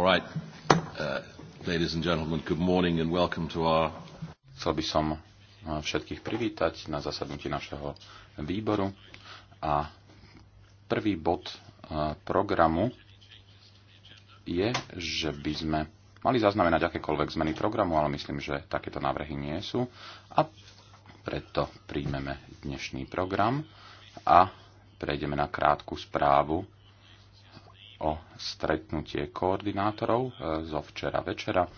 All right. Uh, ladies and gentlemen, good morning and welcome to our... Chcel by som uh, všetkých privítať na zasadnutí našeho výboru a prvý bod uh, programu je, že by sme mali zaznamenať akékoľvek zmeny programu, ale myslím, že takéto návrhy nie sú a preto príjmeme dnešný program a prejdeme na krátku správu o stretnutie koordinátorov e, zo včera večera. E,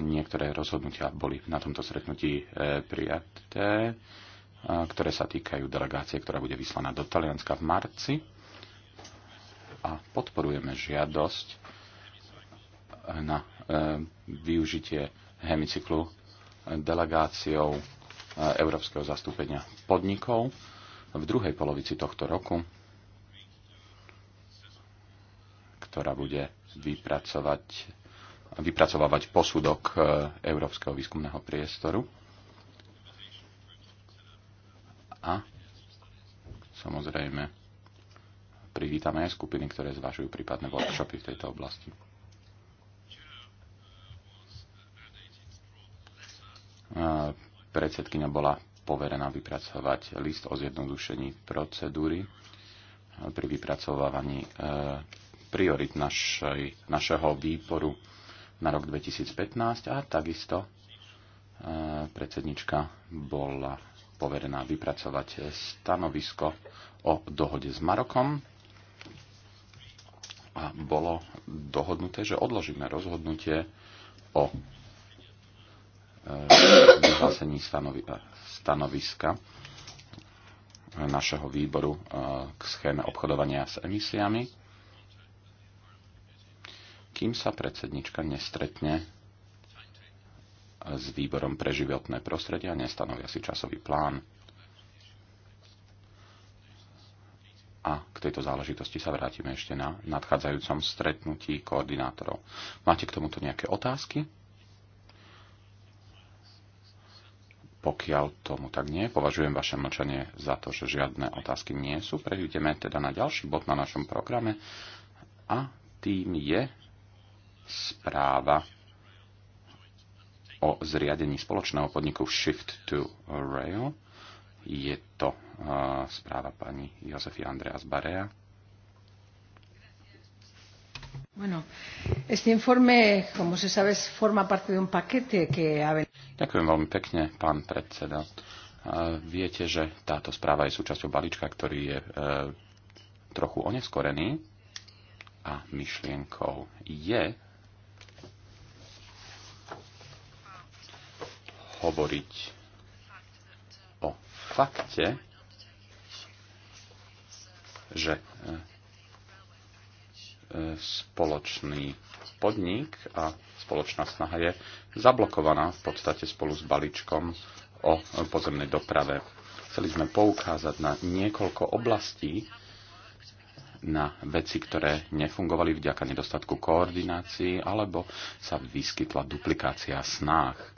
niektoré rozhodnutia boli na tomto stretnutí e, prijaté, ktoré sa týkajú delegácie, ktorá bude vyslaná do Talianska v marci. A podporujeme žiadosť na využitie hemicyklu delegáciou Európskeho zastúpenia podnikov v druhej polovici tohto roku ktorá bude vypracovať, vypracovávať posudok e, Európskeho výskumného priestoru. A samozrejme privítame aj skupiny, ktoré zvažujú prípadné workshopy v tejto oblasti. E, predsedkynia bola poverená vypracovať list o zjednodušení procedúry pri vypracovávaní e, priorit našej, našeho výboru na rok 2015 a takisto e, predsednička bola poverená vypracovať stanovisko o dohode s Marokom a bolo dohodnuté, že odložíme rozhodnutie o e, vyhlásení stanoviska našeho výboru e, k schéme obchodovania s emisiami kým sa predsednička nestretne s výborom pre životné prostredie a nestanovia si časový plán. A k tejto záležitosti sa vrátime ešte na nadchádzajúcom stretnutí koordinátorov. Máte k tomuto nejaké otázky? Pokiaľ tomu tak nie, považujem vaše mlčanie za to, že žiadne otázky nie sú. Prejdeme teda na ďalší bod na našom programe a tým je správa o zriadení spoločného podniku Shift to Rail. Je to eh, správa pani Josefy Andreas Barea. Bueno, este informe, como se sabe, forma parte de un paquete que ha Ďakujem veľmi pekne, pán predseda. Eh, viete, že táto správa je súčasťou balíčka, ktorý je eh, trochu oneskorený a myšlienkou je hovoriť o fakte, že e, e, spoločný podnik a spoločná snaha je zablokovaná v podstate spolu s balíčkom o pozemnej doprave. Chceli sme poukázať na niekoľko oblastí, na veci, ktoré nefungovali vďaka nedostatku koordinácií alebo sa vyskytla duplikácia snách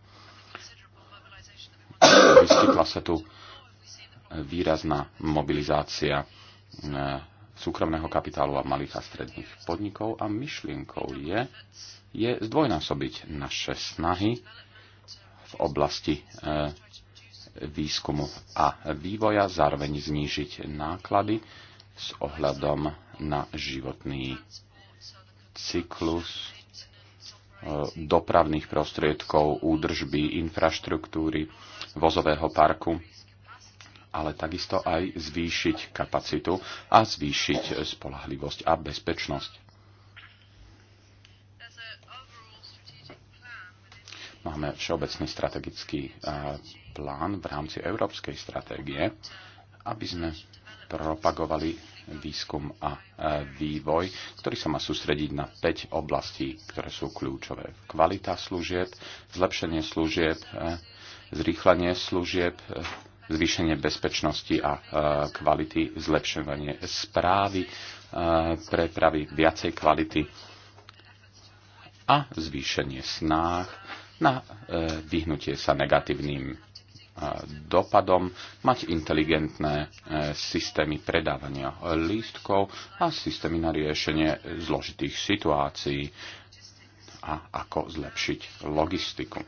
vyskytla sa tu výrazná mobilizácia e, súkromného kapitálu a malých a stredných podnikov a myšlienkou je, je zdvojnásobiť naše snahy v oblasti e, výskumu a vývoja, zároveň znížiť náklady s ohľadom na životný cyklus e, dopravných prostriedkov, údržby, infraštruktúry, vozového parku, ale takisto aj zvýšiť kapacitu a zvýšiť spolahlivosť a bezpečnosť. Máme všeobecný strategický eh, plán v rámci európskej stratégie, aby sme propagovali výskum a eh, vývoj, ktorý sa má sústrediť na 5 oblastí, ktoré sú kľúčové. Kvalita služieb, zlepšenie služieb, eh, zrýchlenie služieb, zvýšenie bezpečnosti a e, kvality, zlepšovanie správy, e, prepravy viacej kvality a zvýšenie snách na e, vyhnutie sa negatívnym dopadom mať inteligentné systémy predávania lístkov a systémy na riešenie zložitých situácií a ako zlepšiť logistiku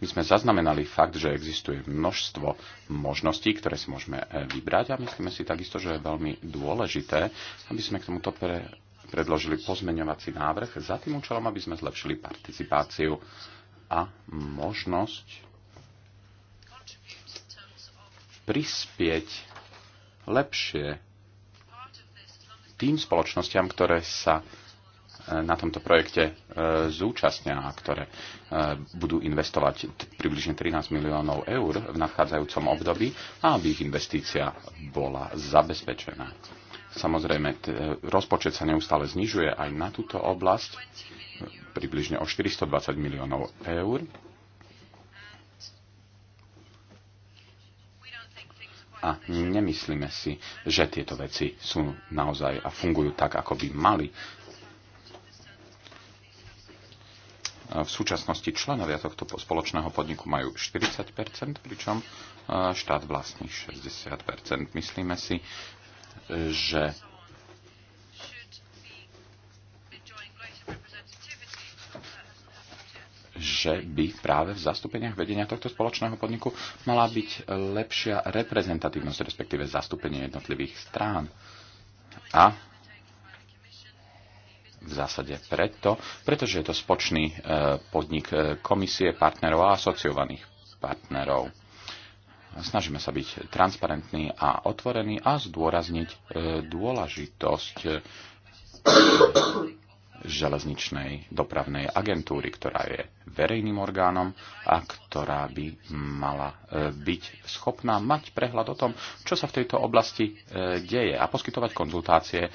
my sme zaznamenali fakt, že existuje množstvo možností, ktoré si môžeme e, vybrať a myslíme si takisto, že je veľmi dôležité, aby sme k tomuto pre, predložili pozmeňovací návrh za tým účelom, aby sme zlepšili participáciu a možnosť prispieť lepšie tým spoločnosťam, ktoré sa na tomto projekte e, zúčastnia, ktoré e, budú investovať približne 13 miliónov eur v nadchádzajúcom období a aby ich investícia bola zabezpečená. Samozrejme, e, rozpočet sa neustále znižuje aj na túto oblasť približne o 420 miliónov eur. a nemyslíme si, že tieto veci sú naozaj a fungujú tak, ako by mali v súčasnosti členovia tohto spoločného podniku majú 40 pričom e, štát vlastní 60 Myslíme si, e, že že by práve v zastúpeniach vedenia tohto spoločného podniku mala byť lepšia reprezentatívnosť, respektíve zastúpenie jednotlivých strán. A v zásade preto, pretože je to spočný e, podnik e, komisie partnerov a asociovaných partnerov. Snažíme sa byť transparentní a otvorení a zdôrazniť e, dôležitosť železničnej dopravnej agentúry, ktorá je verejným orgánom a ktorá by mala e, byť schopná mať prehľad o tom, čo sa v tejto oblasti e, deje a poskytovať konzultácie e,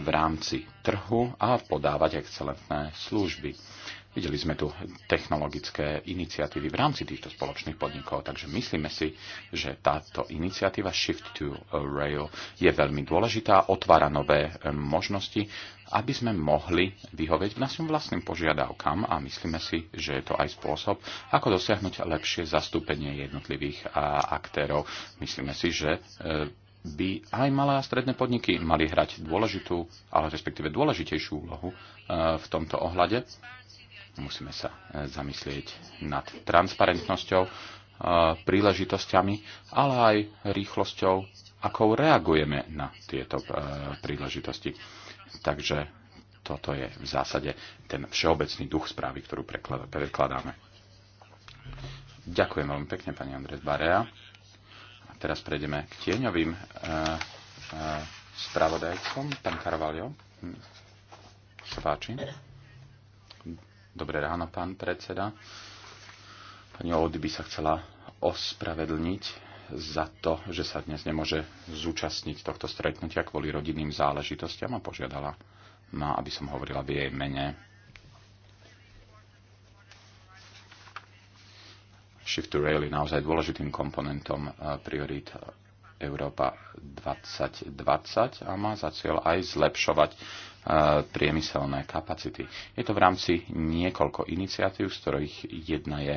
v rámci trhu a podávať excelentné služby. Videli sme tu technologické iniciatívy v rámci týchto spoločných podnikov, takže myslíme si, že táto iniciatíva Shift to Rail je veľmi dôležitá, otvára nové e, možnosti, aby sme mohli vyhovieť našim vlastným požiadavkám a myslíme si, že je to aj spôsob, ako dosiahnuť lepšie zastúpenie jednotlivých aktérov. Myslíme si, že e, by aj malé a stredné podniky mali hrať dôležitú, ale respektíve dôležitejšiu úlohu e, v tomto ohľade Musíme sa e, zamyslieť nad transparentnosťou, e, príležitosťami, ale aj rýchlosťou, akou reagujeme na tieto e, príležitosti. Takže toto je v zásade ten všeobecný duch správy, ktorú prekladáme. Ďakujem veľmi pekne, pani Andres Barea. A teraz prejdeme k tieňovým spravodajcom. Pán Carvalho, hm, sa páči. Dobré ráno, pán predseda. Pani Oldy by sa chcela ospravedlniť za to, že sa dnes nemôže zúčastniť tohto stretnutia kvôli rodinným záležitostiam a požiadala ma, aby som hovorila v jej mene. Shift to Rail je naozaj dôležitým komponentom eh, priorít eh, Európa 2020 a má za cieľ aj zlepšovať priemyselné kapacity. Je to v rámci niekoľko iniciatív, z ktorých jedna je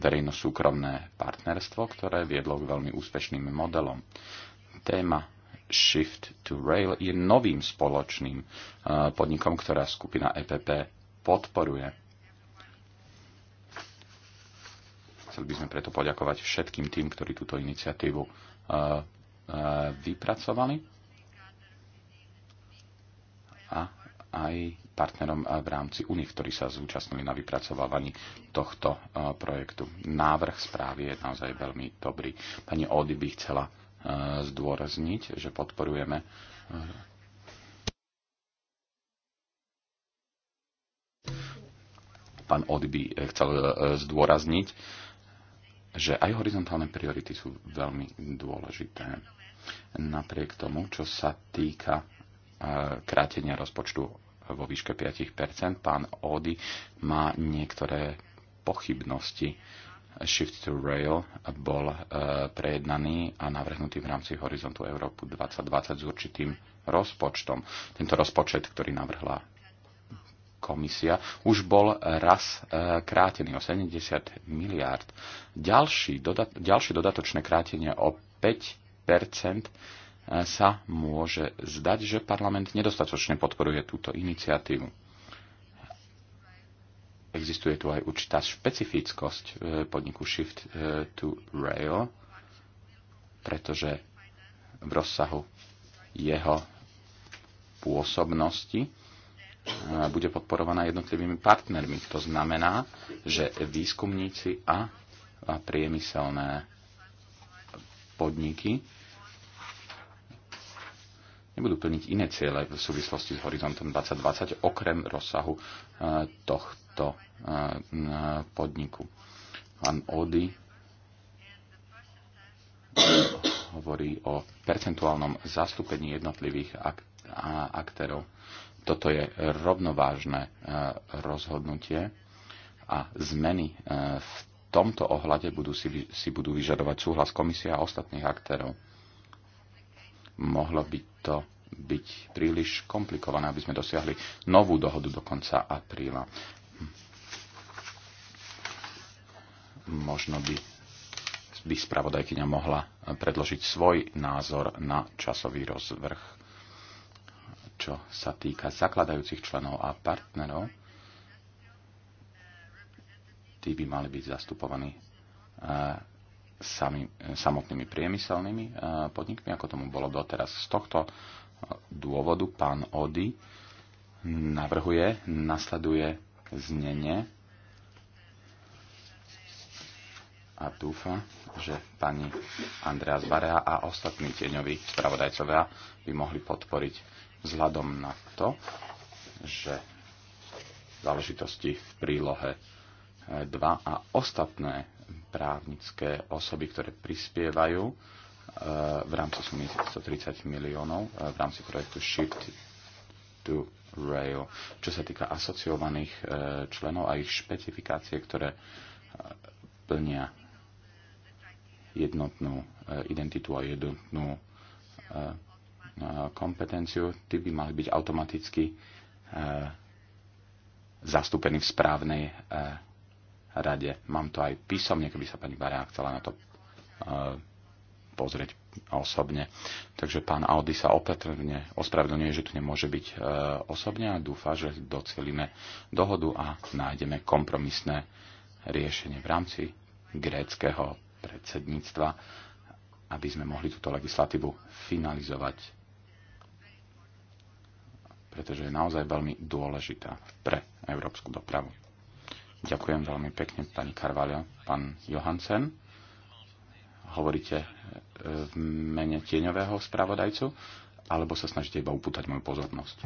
verejno-súkromné partnerstvo, ktoré viedlo k veľmi úspešným modelom. Téma Shift to Rail je novým spoločným podnikom, ktorá skupina EPP podporuje. Chceli by sme preto poďakovať všetkým tým, ktorí túto iniciatívu vypracovali a aj partnerom eh, v rámci UNI, ktorí sa zúčastnili na vypracovávaní tohto eh, projektu. Návrh správy je naozaj veľmi dobrý. Pani Ody by chcela eh, zdôrazniť, že podporujeme Pán Ody by chcel zdôrazniť, že aj horizontálne priority sú veľmi dôležité. Napriek tomu, čo sa týka krátenia rozpočtu vo výške 5%. Pán Ody má niektoré pochybnosti. Shift to Rail bol e, prejednaný a navrhnutý v rámci Horizontu Európu 2020 s určitým rozpočtom. Tento rozpočet, ktorý navrhla komisia, už bol raz e, krátený o 70 miliárd. Ďalší, doda- ďalšie dodatočné krátenie o 5 sa môže zdať, že parlament nedostatočne podporuje túto iniciatívu. Existuje tu aj určitá špecifickosť e, podniku Shift e, to Rail, pretože v rozsahu jeho pôsobnosti e, bude podporovaná jednotlivými partnermi. To znamená, že výskumníci a priemyselné podniky nebudú plniť iné ciele v súvislosti s horizontom 2020 okrem rozsahu e, tohto e, podniku. Pán Ody hovorí o percentuálnom zastúpení jednotlivých ak- aktérov. Toto je rovnovážne e, rozhodnutie a zmeny v tomto ohľade budú si, si budú vyžadovať súhlas komisia a ostatných aktérov mohlo by to byť príliš komplikované, aby sme dosiahli novú dohodu do konca apríla. Možno by, by spravodajkyňa mohla predložiť svoj názor na časový rozvrh, čo sa týka zakladajúcich členov a partnerov. Tí by mali byť zastupovaní eh, sami, e, samotnými priemyselnými e, podnikmi, ako tomu bolo doteraz. Z tohto e, dôvodu pán Ody navrhuje, nasleduje znenie a dúfa, že pani Andreas Barea a ostatní tieňoví spravodajcovia by mohli podporiť vzhľadom na to, že záležitosti v prílohe 2 a ostatné právnické osoby, ktoré prispievajú e, v rámci sumy 130 miliónov e, v rámci projektu Shift to Rail. Čo sa týka asociovaných e, členov a ich špecifikácie, ktoré plnia jednotnú identitu a jednotnú kompetenciu, tí by mali byť automaticky zastúpení v správnej rade. Mám to aj písomne, keby sa pani Bará chcela na to e, pozrieť osobne. Takže pán Audi sa opetrne ospravedlňuje, že tu nemôže byť e, osobne a dúfa, že docelíme dohodu a nájdeme kompromisné riešenie v rámci gréckého predsedníctva, aby sme mohli túto legislatívu finalizovať, pretože je naozaj veľmi dôležitá pre európsku dopravu. Ďakujem veľmi pekne, pani Karvalio. pán Johansen. Hovoríte e, v mene tieňového spravodajcu, alebo sa snažíte iba upútať moju pozornosť?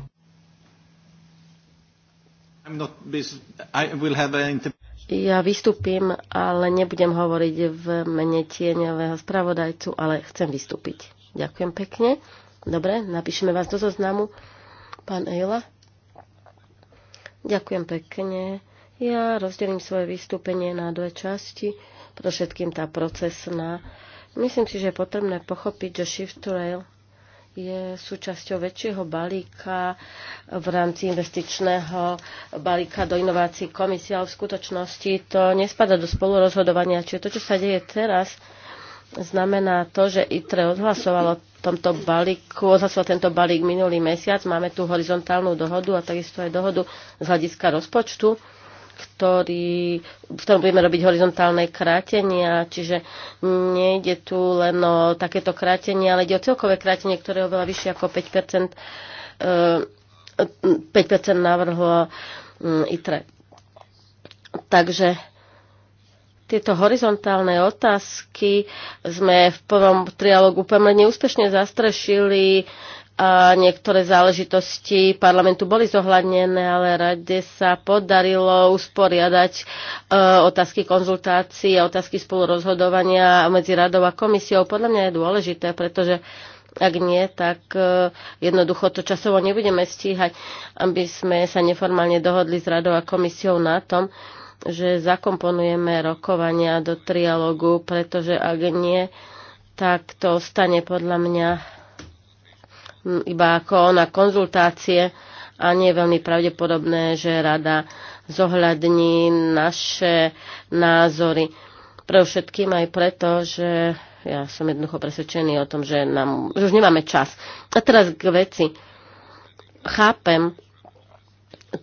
Ja vystúpim, ale nebudem hovoriť v mene tieňového spravodajcu, ale chcem vystúpiť. Ďakujem pekne. Dobre, napíšeme vás do zoznamu. Pán Ejla. Ďakujem pekne. Ja rozdelím svoje vystúpenie na dve časti, preto všetkým tá procesná. Myslím si, že je potrebné pochopiť, že Shift to Rail je súčasťou väčšieho balíka v rámci investičného balíka do inovácií komisia, ale v skutočnosti to nespada do spolurozhodovania. Čiže to, čo sa deje teraz, znamená to, že ITRE odhlasovalo tomto balíku, odhlasoval tento balík minulý mesiac. Máme tu horizontálnu dohodu a takisto aj dohodu z hľadiska rozpočtu ktorý, v ktorom budeme robiť horizontálne krátenia, čiže nejde tu len o takéto krátenie, ale ide o celkové krátenie, ktoré je oveľa vyššie ako 5%, 5% navrhlo ITRE. Takže tieto horizontálne otázky sme v prvom trialogu pomerne úspešne zastrešili a niektoré záležitosti parlamentu boli zohľadnené, ale rade sa podarilo usporiadať e, otázky konzultácií a otázky spolurozhodovania medzi radou a komisiou. Podľa mňa je dôležité, pretože ak nie, tak e, jednoducho to časovo nebudeme stíhať, aby sme sa neformálne dohodli s radou a komisiou na tom, že zakomponujeme rokovania do trialogu, pretože ak nie, tak to stane podľa mňa iba ako na konzultácie a nie je veľmi pravdepodobné, že rada zohľadní naše názory. Pre všetkým aj preto, že ja som jednoducho presvedčený o tom, že, nám, že už nemáme čas. A teraz k veci. Chápem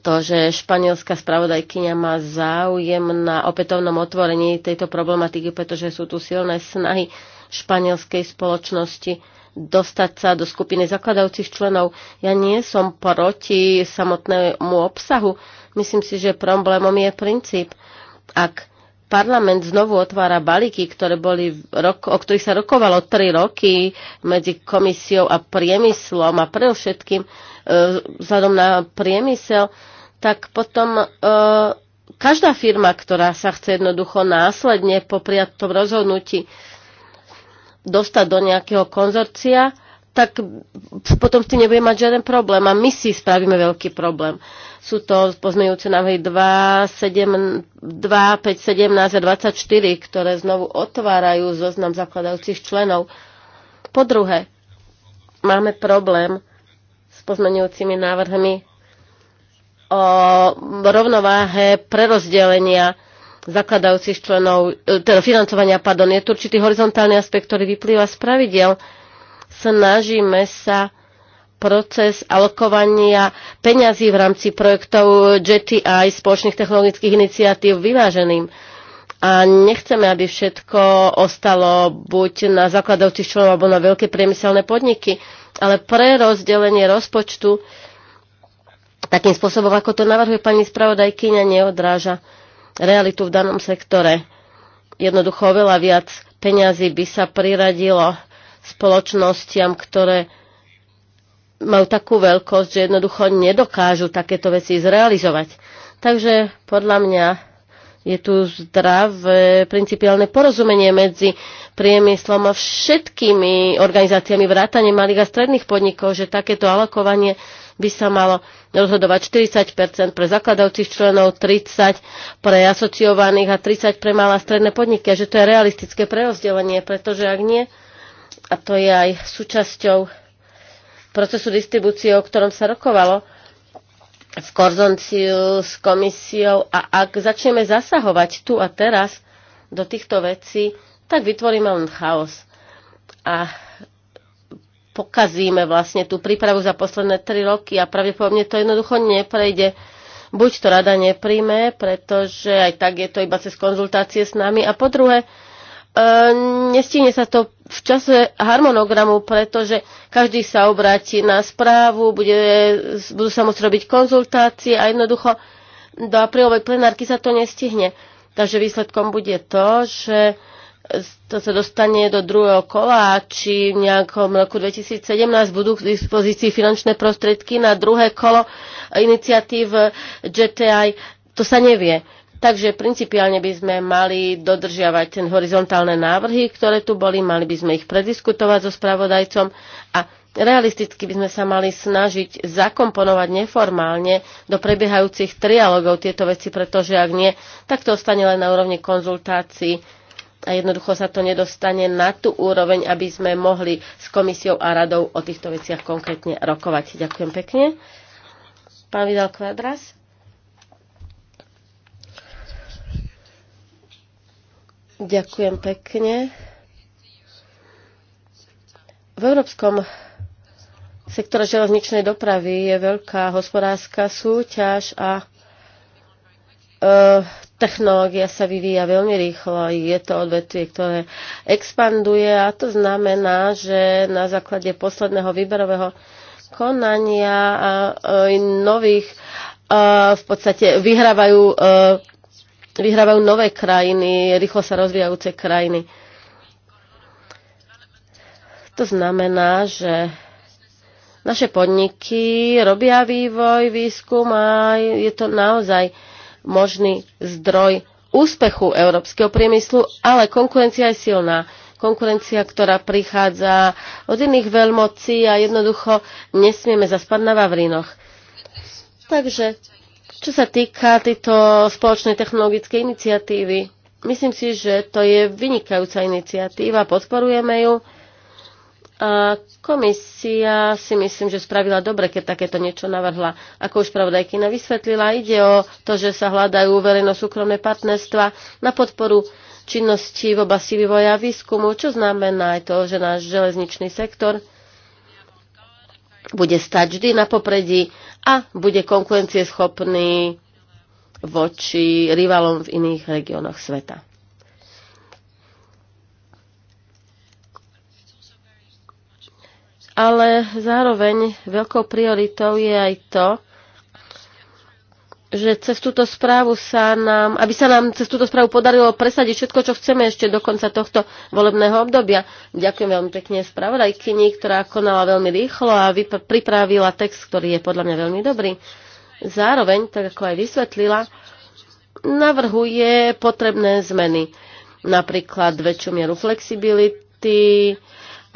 to, že španielská spravodajkyňa má záujem na opätovnom otvorení tejto problematiky, pretože sú tu silné snahy španielskej spoločnosti dostať sa do skupiny zakladajúcich členov. Ja nie som proti samotnému obsahu. Myslím si, že problémom je princíp. Ak parlament znovu otvára balíky, ktoré boli, o ktorých sa rokovalo tri roky medzi komisiou a priemyslom a predovšetkým e, vzhľadom na priemysel, tak potom e, každá firma, ktorá sa chce jednoducho následne po prijatom rozhodnutí dostať do nejakého konzorcia, tak potom s tým nebude mať žiaden problém a my si spravíme veľký problém. Sú to pozmejúce návrhy 2, 7, 2, 5, 17 a 24, ktoré znovu otvárajú zoznam zakladajúcich členov. Po druhé, máme problém s pozmenujúcimi návrhmi o rovnováhe prerozdelenia zakladajúcich členov, e, teda financovania, pardon, je tu určitý horizontálny aspekt, ktorý vyplýva z pravidel. Snažíme sa proces alokovania peňazí v rámci projektov aj spoločných technologických iniciatív, vyváženým. A nechceme, aby všetko ostalo buď na zakladajúcich členov alebo na veľké priemyselné podniky, ale pre rozdelenie rozpočtu takým spôsobom, ako to navrhuje pani spravodajkyňa, neodráža realitu v danom sektore. Jednoducho veľa viac peňazí by sa priradilo spoločnostiam, ktoré majú takú veľkosť, že jednoducho nedokážu takéto veci zrealizovať. Takže podľa mňa je tu zdravé principiálne porozumenie medzi priemyslom a všetkými organizáciami vrátane malých a stredných podnikov, že takéto alokovanie by sa malo rozhodovať 40 pre zakladajúcich členov, 30 pre asociovaných a 30 pre malé a stredné podniky. A že to je realistické prerozdelenie, pretože ak nie, a to je aj súčasťou procesu distribúcie, o ktorom sa rokovalo, v korzonciu s komisiou a ak začneme zasahovať tu a teraz do týchto vecí, tak vytvoríme len chaos. A pokazíme vlastne tú prípravu za posledné tri roky a pravdepodobne to jednoducho neprejde. Buď to rada nepríjme, pretože aj tak je to iba cez konzultácie s nami a po druhé, e, nestihne sa to v čase harmonogramu, pretože každý sa obráti na správu, bude, budú sa môcť robiť konzultácie a jednoducho do aprílovej plenárky sa to nestihne. Takže výsledkom bude to, že to sa dostane do druhého kola, či v nejakom roku 2017 budú k dispozícii finančné prostriedky na druhé kolo iniciatív GTI, to sa nevie. Takže principiálne by sme mali dodržiavať ten horizontálne návrhy, ktoré tu boli, mali by sme ich prediskutovať so spravodajcom a realisticky by sme sa mali snažiť zakomponovať neformálne do prebiehajúcich trialogov tieto veci, pretože ak nie, tak to ostane len na úrovni konzultácií a jednoducho sa to nedostane na tú úroveň, aby sme mohli s komisiou a radou o týchto veciach konkrétne rokovať. Ďakujem pekne. Pán Vidal Kvadras. Ďakujem pekne. V európskom sektore železničnej dopravy je veľká hospodárska súťaž a e, Technológia sa vyvíja veľmi rýchlo, je to odvetvie, ktoré expanduje a to znamená, že na základe posledného výberového konania a e, nových e, v podstate vyhrávajú, e, vyhrávajú nové krajiny, rýchlo sa rozvíjajúce krajiny. To znamená, že naše podniky robia vývoj, výskum a je to naozaj možný zdroj úspechu európskeho priemyslu, ale konkurencia je silná. Konkurencia, ktorá prichádza od iných veľmocí a jednoducho nesmieme zaspať na Vavrinoch. Takže, čo sa týka tejto spoločnej technologickej iniciatívy, myslím si, že to je vynikajúca iniciatíva, podporujeme ju a komisia si myslím, že spravila dobre, keď takéto niečo navrhla. Ako už pravodajkina vysvetlila, ide o to, že sa hľadajú verejno-súkromné partnerstva na podporu činnosti v oblasti vývoja a výskumu, čo znamená aj to, že náš železničný sektor bude stať vždy na popredí a bude konkurencieschopný voči rivalom v iných regiónoch sveta. ale zároveň veľkou prioritou je aj to, že cez túto správu sa nám, aby sa nám cez túto správu podarilo presadiť všetko, čo chceme ešte do konca tohto volebného obdobia. Ďakujem veľmi pekne spravodajkyni, ktorá konala veľmi rýchlo a pripravila text, ktorý je podľa mňa veľmi dobrý. Zároveň, tak ako aj vysvetlila, navrhuje potrebné zmeny. Napríklad väčšiu mieru flexibility,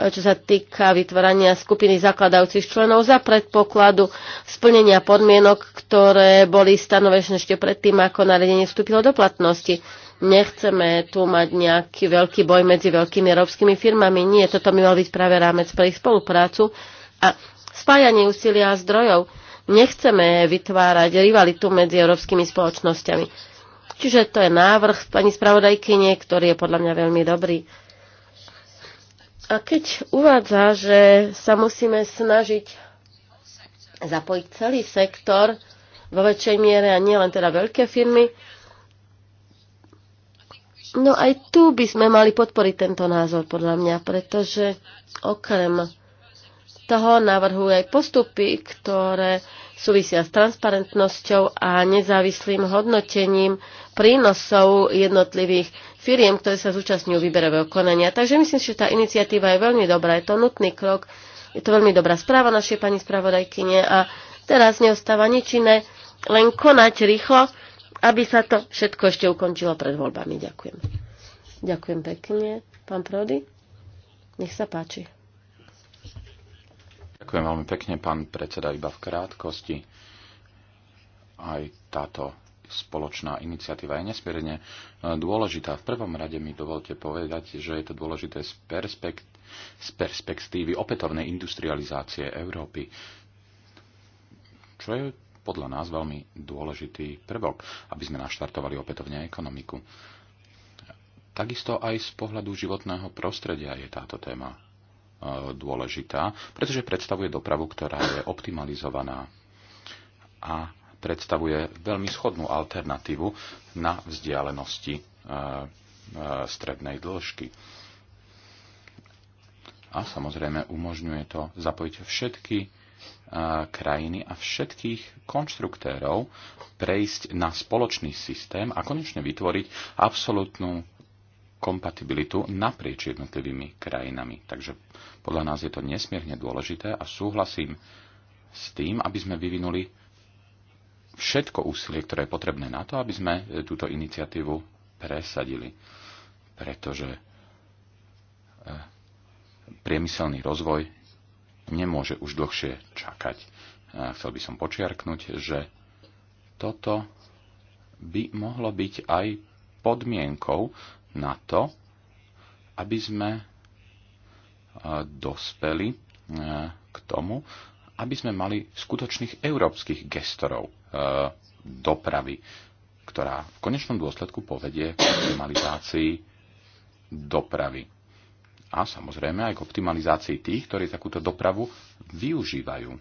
čo sa týka vytvárania skupiny zakladajúcich členov za predpokladu splnenia podmienok, ktoré boli stanovené ešte predtým, ako nariadenie vstúpilo do platnosti. Nechceme tu mať nejaký veľký boj medzi veľkými európskymi firmami. Nie, toto by mal byť práve rámec pre ich spoluprácu a spájanie úsilia a zdrojov. Nechceme vytvárať rivalitu medzi európskymi spoločnosťami. Čiže to je návrh pani spravodajkyne, ktorý je podľa mňa veľmi dobrý. A keď uvádza, že sa musíme snažiť zapojiť celý sektor vo väčšej miere a nie len teda veľké firmy, no aj tu by sme mali podporiť tento názor, podľa mňa, pretože okrem toho navrhujú aj postupy, ktoré súvisia s transparentnosťou a nezávislým hodnotením prínosov jednotlivých firiem, ktoré sa zúčastňujú výberového konania. Takže myslím, že tá iniciatíva je veľmi dobrá, je to nutný krok, je to veľmi dobrá správa našej pani spravodajkyne a teraz neostáva nič iné, len konať rýchlo, aby sa to všetko ešte ukončilo pred voľbami. Ďakujem. Ďakujem pekne. Pán Prody, nech sa páči. Ďakujem veľmi pekne, pán predseda, iba v krátkosti. Aj táto spoločná iniciatíva je nesmierne e, dôležitá. V prvom rade mi dovolte povedať, že je to dôležité z, perspekt- z perspektívy opätovnej industrializácie Európy, čo je podľa nás veľmi dôležitý prvok, aby sme naštartovali opätovne ekonomiku. Takisto aj z pohľadu životného prostredia je táto téma e, dôležitá, pretože predstavuje dopravu, ktorá je optimalizovaná a predstavuje veľmi schodnú alternatívu na vzdialenosti e, e, strednej dĺžky. A samozrejme umožňuje to zapojiť všetky e, krajiny a všetkých konštruktérov prejsť na spoločný systém a konečne vytvoriť absolútnu kompatibilitu naprieč jednotlivými krajinami. Takže podľa nás je to nesmierne dôležité a súhlasím s tým, aby sme vyvinuli všetko úsilie, ktoré je potrebné na to, aby sme e, túto iniciatívu presadili. Pretože e, priemyselný rozvoj nemôže už dlhšie čakať. Chcel by som počiarknúť, že toto by mohlo byť aj podmienkou na to, aby sme e, dospeli k tomu, aby sme mali skutočných európskych gestorov e, dopravy, ktorá v konečnom dôsledku povedie k optimalizácii dopravy. A samozrejme aj k optimalizácii tých, ktorí takúto dopravu využívajú.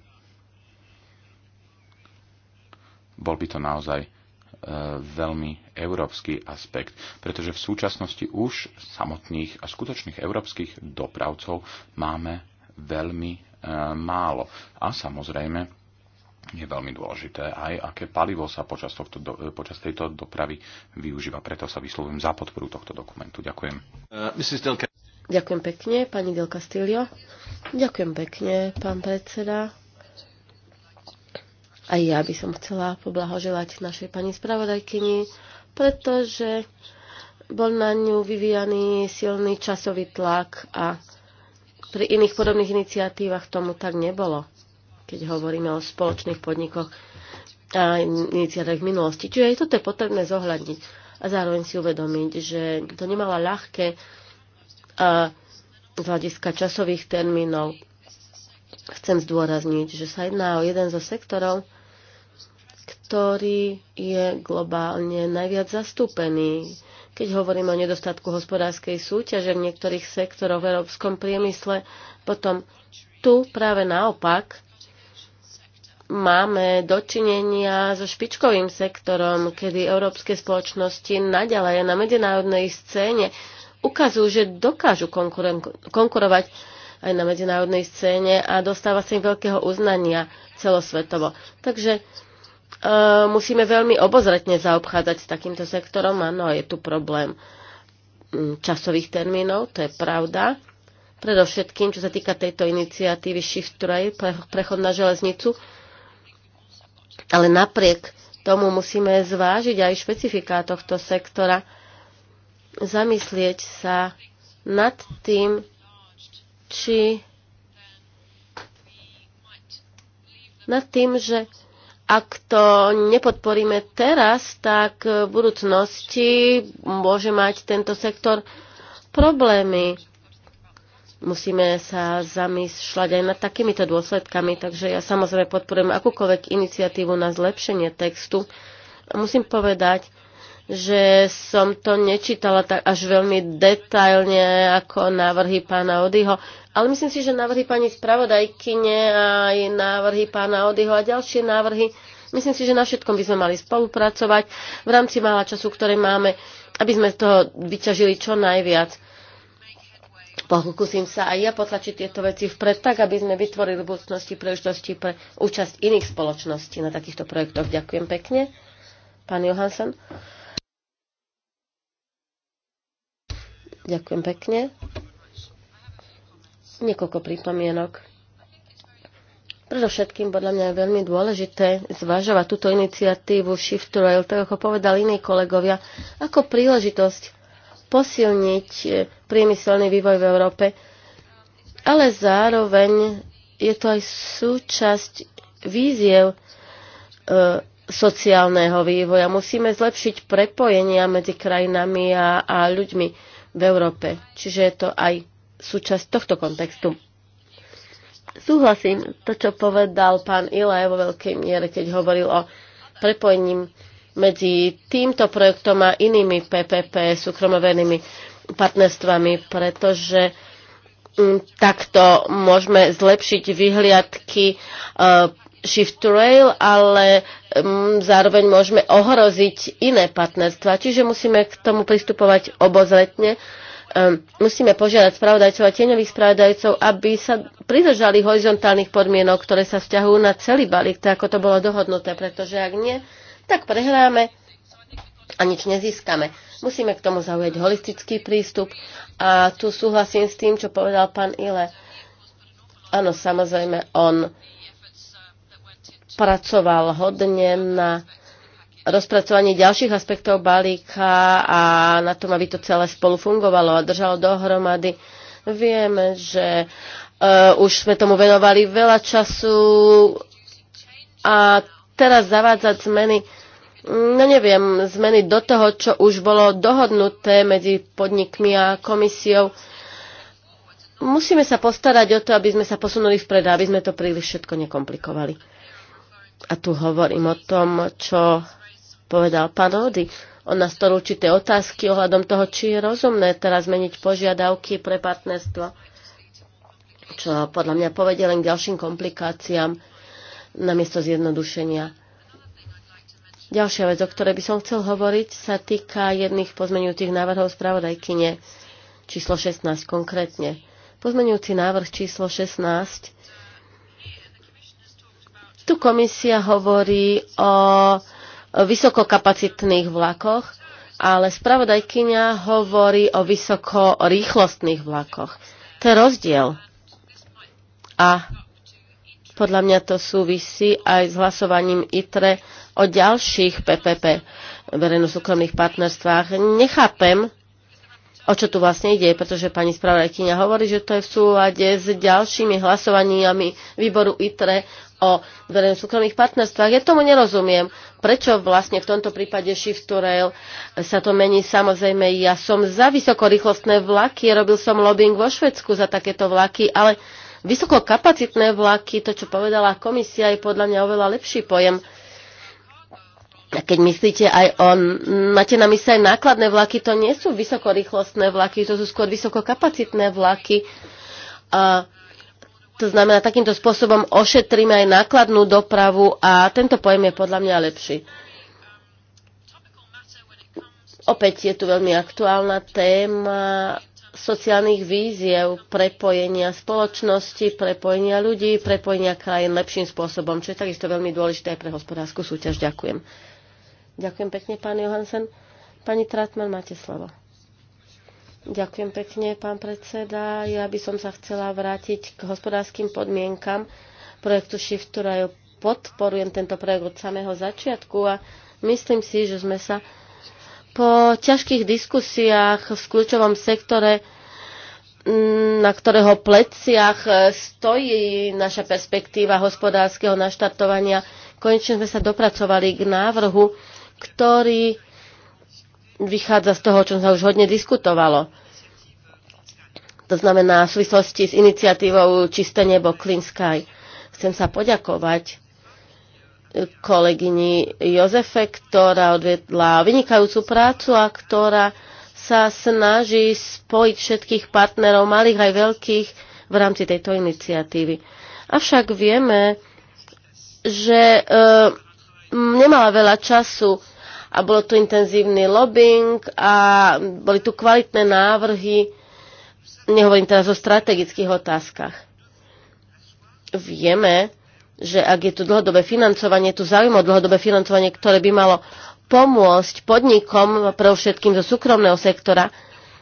Bol by to naozaj e, veľmi európsky aspekt, pretože v súčasnosti už samotných a skutočných európskych dopravcov máme veľmi E, málo. A samozrejme, je veľmi dôležité aj, aké palivo sa počas, tohto, e, počas tejto dopravy využíva. Preto sa vyslovujem za podporu tohto dokumentu. Ďakujem. E, Ďakujem pekne, pani Del Castillo. Ďakujem pekne, pán predseda. A ja by som chcela poblahoželať našej pani spravodajkyni, pretože bol na ňu vyvíjaný silný časový tlak a pri iných podobných iniciatívach tomu tak nebolo, keď hovoríme o spoločných podnikoch a iniciatívach v minulosti. Čiže aj toto je potrebné zohľadniť a zároveň si uvedomiť, že to nemala ľahké a z hľadiska časových termínov. Chcem zdôrazniť, že sa jedná o jeden zo sektorov, ktorý je globálne najviac zastúpený keď hovorím o nedostatku hospodárskej súťaže v niektorých sektoroch v európskom priemysle, potom tu práve naopak máme dočinenia so špičkovým sektorom, kedy európske spoločnosti naďalej na medzinárodnej scéne ukazujú, že dokážu konkurovať aj na medzinárodnej scéne a dostáva sa im veľkého uznania celosvetovo. Takže E, musíme veľmi obozretne zaobchádzať s takýmto sektorom. Áno, je tu problém mm, časových termínov, to je pravda. Predovšetkým, čo sa týka tejto iniciatívy Shift Rail, prechod na železnicu. Ale napriek tomu musíme zvážiť aj špecifiká tohto sektora, zamyslieť sa nad tým, či nad tým, že ak to nepodporíme teraz, tak v budúcnosti môže mať tento sektor problémy. Musíme sa zamýšľať aj nad takýmito dôsledkami, takže ja samozrejme podporujem akúkoľvek iniciatívu na zlepšenie textu. Musím povedať, že som to nečítala tak až veľmi detailne ako návrhy pána Odyho, ale myslím si, že návrhy pani spravodajkyne a aj návrhy pána Odyho a ďalšie návrhy, myslím si, že na všetkom by sme mali spolupracovať v rámci mála času, ktoré máme, aby sme z toho vyťažili čo najviac. Pokúsim sa aj ja potlačiť tieto veci vpred, tak aby sme vytvorili budúcnosti príležitosti pre účasť iných spoločností na takýchto projektoch. Ďakujem pekne. Pán Johansen. Ďakujem pekne. Niekoľko pripomienok. Predovšetkým podľa mňa je veľmi dôležité zvažovať túto iniciatívu Shift to Rail, tak ako povedali iní kolegovia, ako príležitosť posilniť e, priemyselný vývoj v Európe, ale zároveň je to aj súčasť víziev e, sociálneho vývoja. Musíme zlepšiť prepojenia medzi krajinami a, a ľuďmi v Európe. Čiže je to aj súčasť tohto kontextu. Súhlasím to, čo povedal pán Ilaj vo veľkej miere, keď hovoril o prepojením medzi týmto projektom a inými PPP, súkromovenými partnerstvami, pretože mm, takto môžeme zlepšiť vyhliadky eh, Shift Rail, ale zároveň môžeme ohroziť iné partnerstva, čiže musíme k tomu pristupovať obozretne. Musíme požiadať spravodajcov a tieňových spravodajcov, aby sa pridržali horizontálnych podmienok, ktoré sa vzťahujú na celý balík, tak ako to bolo dohodnuté, pretože ak nie, tak prehráme a nič nezískame. Musíme k tomu zaujať holistický prístup a tu súhlasím s tým, čo povedal pán Ile. Áno, samozrejme, on pracoval hodne na rozpracovanie ďalších aspektov balíka a na tom, aby to celé spolu fungovalo a držalo dohromady. Vieme, že uh, už sme tomu venovali veľa času a teraz zavádzať zmeny, no neviem, zmeny do toho, čo už bolo dohodnuté medzi podnikmi a komisiou. Musíme sa postarať o to, aby sme sa posunuli vpred, aby sme to príliš všetko nekomplikovali a tu hovorím o tom, čo povedal pán Rody, on nás to určité otázky ohľadom toho, či je rozumné teraz meniť požiadavky pre partnerstvo, čo podľa mňa povedie len k ďalším komplikáciám namiesto zjednodušenia. Ďalšia vec, o ktorej by som chcel hovoriť, sa týka jedných pozmenujúcich návrhov spravodajkyne, číslo 16 konkrétne. Pozmenujúci návrh číslo 16 tu komisia hovorí o vysokokapacitných vlakoch, ale spravodajkyňa hovorí o vysokorýchlostných vlakoch. To je rozdiel. A podľa mňa to súvisí aj s hlasovaním ITRE o ďalších PPP, verejno-súkromných partnerstvách. Nechápem, o čo tu vlastne ide, pretože pani spravodajkyňa hovorí, že to je v súlade s ďalšími hlasovaniami výboru ITRE o verejne súkromných partnerstvách. Ja tomu nerozumiem, prečo vlastne v tomto prípade Shift to Rail sa to mení. Samozrejme, ja som za vysokorýchlostné vlaky, robil som lobbying vo Švedsku za takéto vlaky, ale vysokokapacitné vlaky, to čo povedala komisia, je podľa mňa oveľa lepší pojem a keď myslíte aj o, máte na mysle aj nákladné vlaky, to nie sú vysokorýchlostné vlaky, to sú skôr vysokokapacitné vlaky. A to znamená, takýmto spôsobom ošetríme aj nákladnú dopravu a tento pojem je podľa mňa lepší. Opäť je tu veľmi aktuálna téma sociálnych víziev, prepojenia spoločnosti, prepojenia ľudí, prepojenia krajín lepším spôsobom, čo je takisto veľmi dôležité aj pre hospodárskú súťaž. Ďakujem. Ďakujem pekne, pán Johansen. Pani Tratman, máte slovo. Ďakujem pekne, pán predseda. Ja by som sa chcela vrátiť k hospodárskym podmienkam projektu Shift ktorá Rail. Podporujem tento projekt od samého začiatku a myslím si, že sme sa po ťažkých diskusiách v kľúčovom sektore mm, na ktorého pleciach stojí naša perspektíva hospodárskeho naštartovania. Konečne sme sa dopracovali k návrhu, ktorý vychádza z toho, o čo sa už hodne diskutovalo. To znamená v súvislosti s iniciatívou Čisté nebo Clean Sky. Chcem sa poďakovať kolegyni Jozefe, ktorá odvedla vynikajúcu prácu a ktorá sa snaží spojiť všetkých partnerov, malých aj veľkých, v rámci tejto iniciatívy. Avšak vieme, že e, Mm, nemala veľa času a bolo tu intenzívny lobbying a boli tu kvalitné návrhy. Nehovorím teraz o strategických otázkach. Vieme, že ak je tu dlhodobé financovanie, tu zaujímavé dlhodobé financovanie, ktoré by malo pomôcť podnikom, pre všetkým zo súkromného sektora,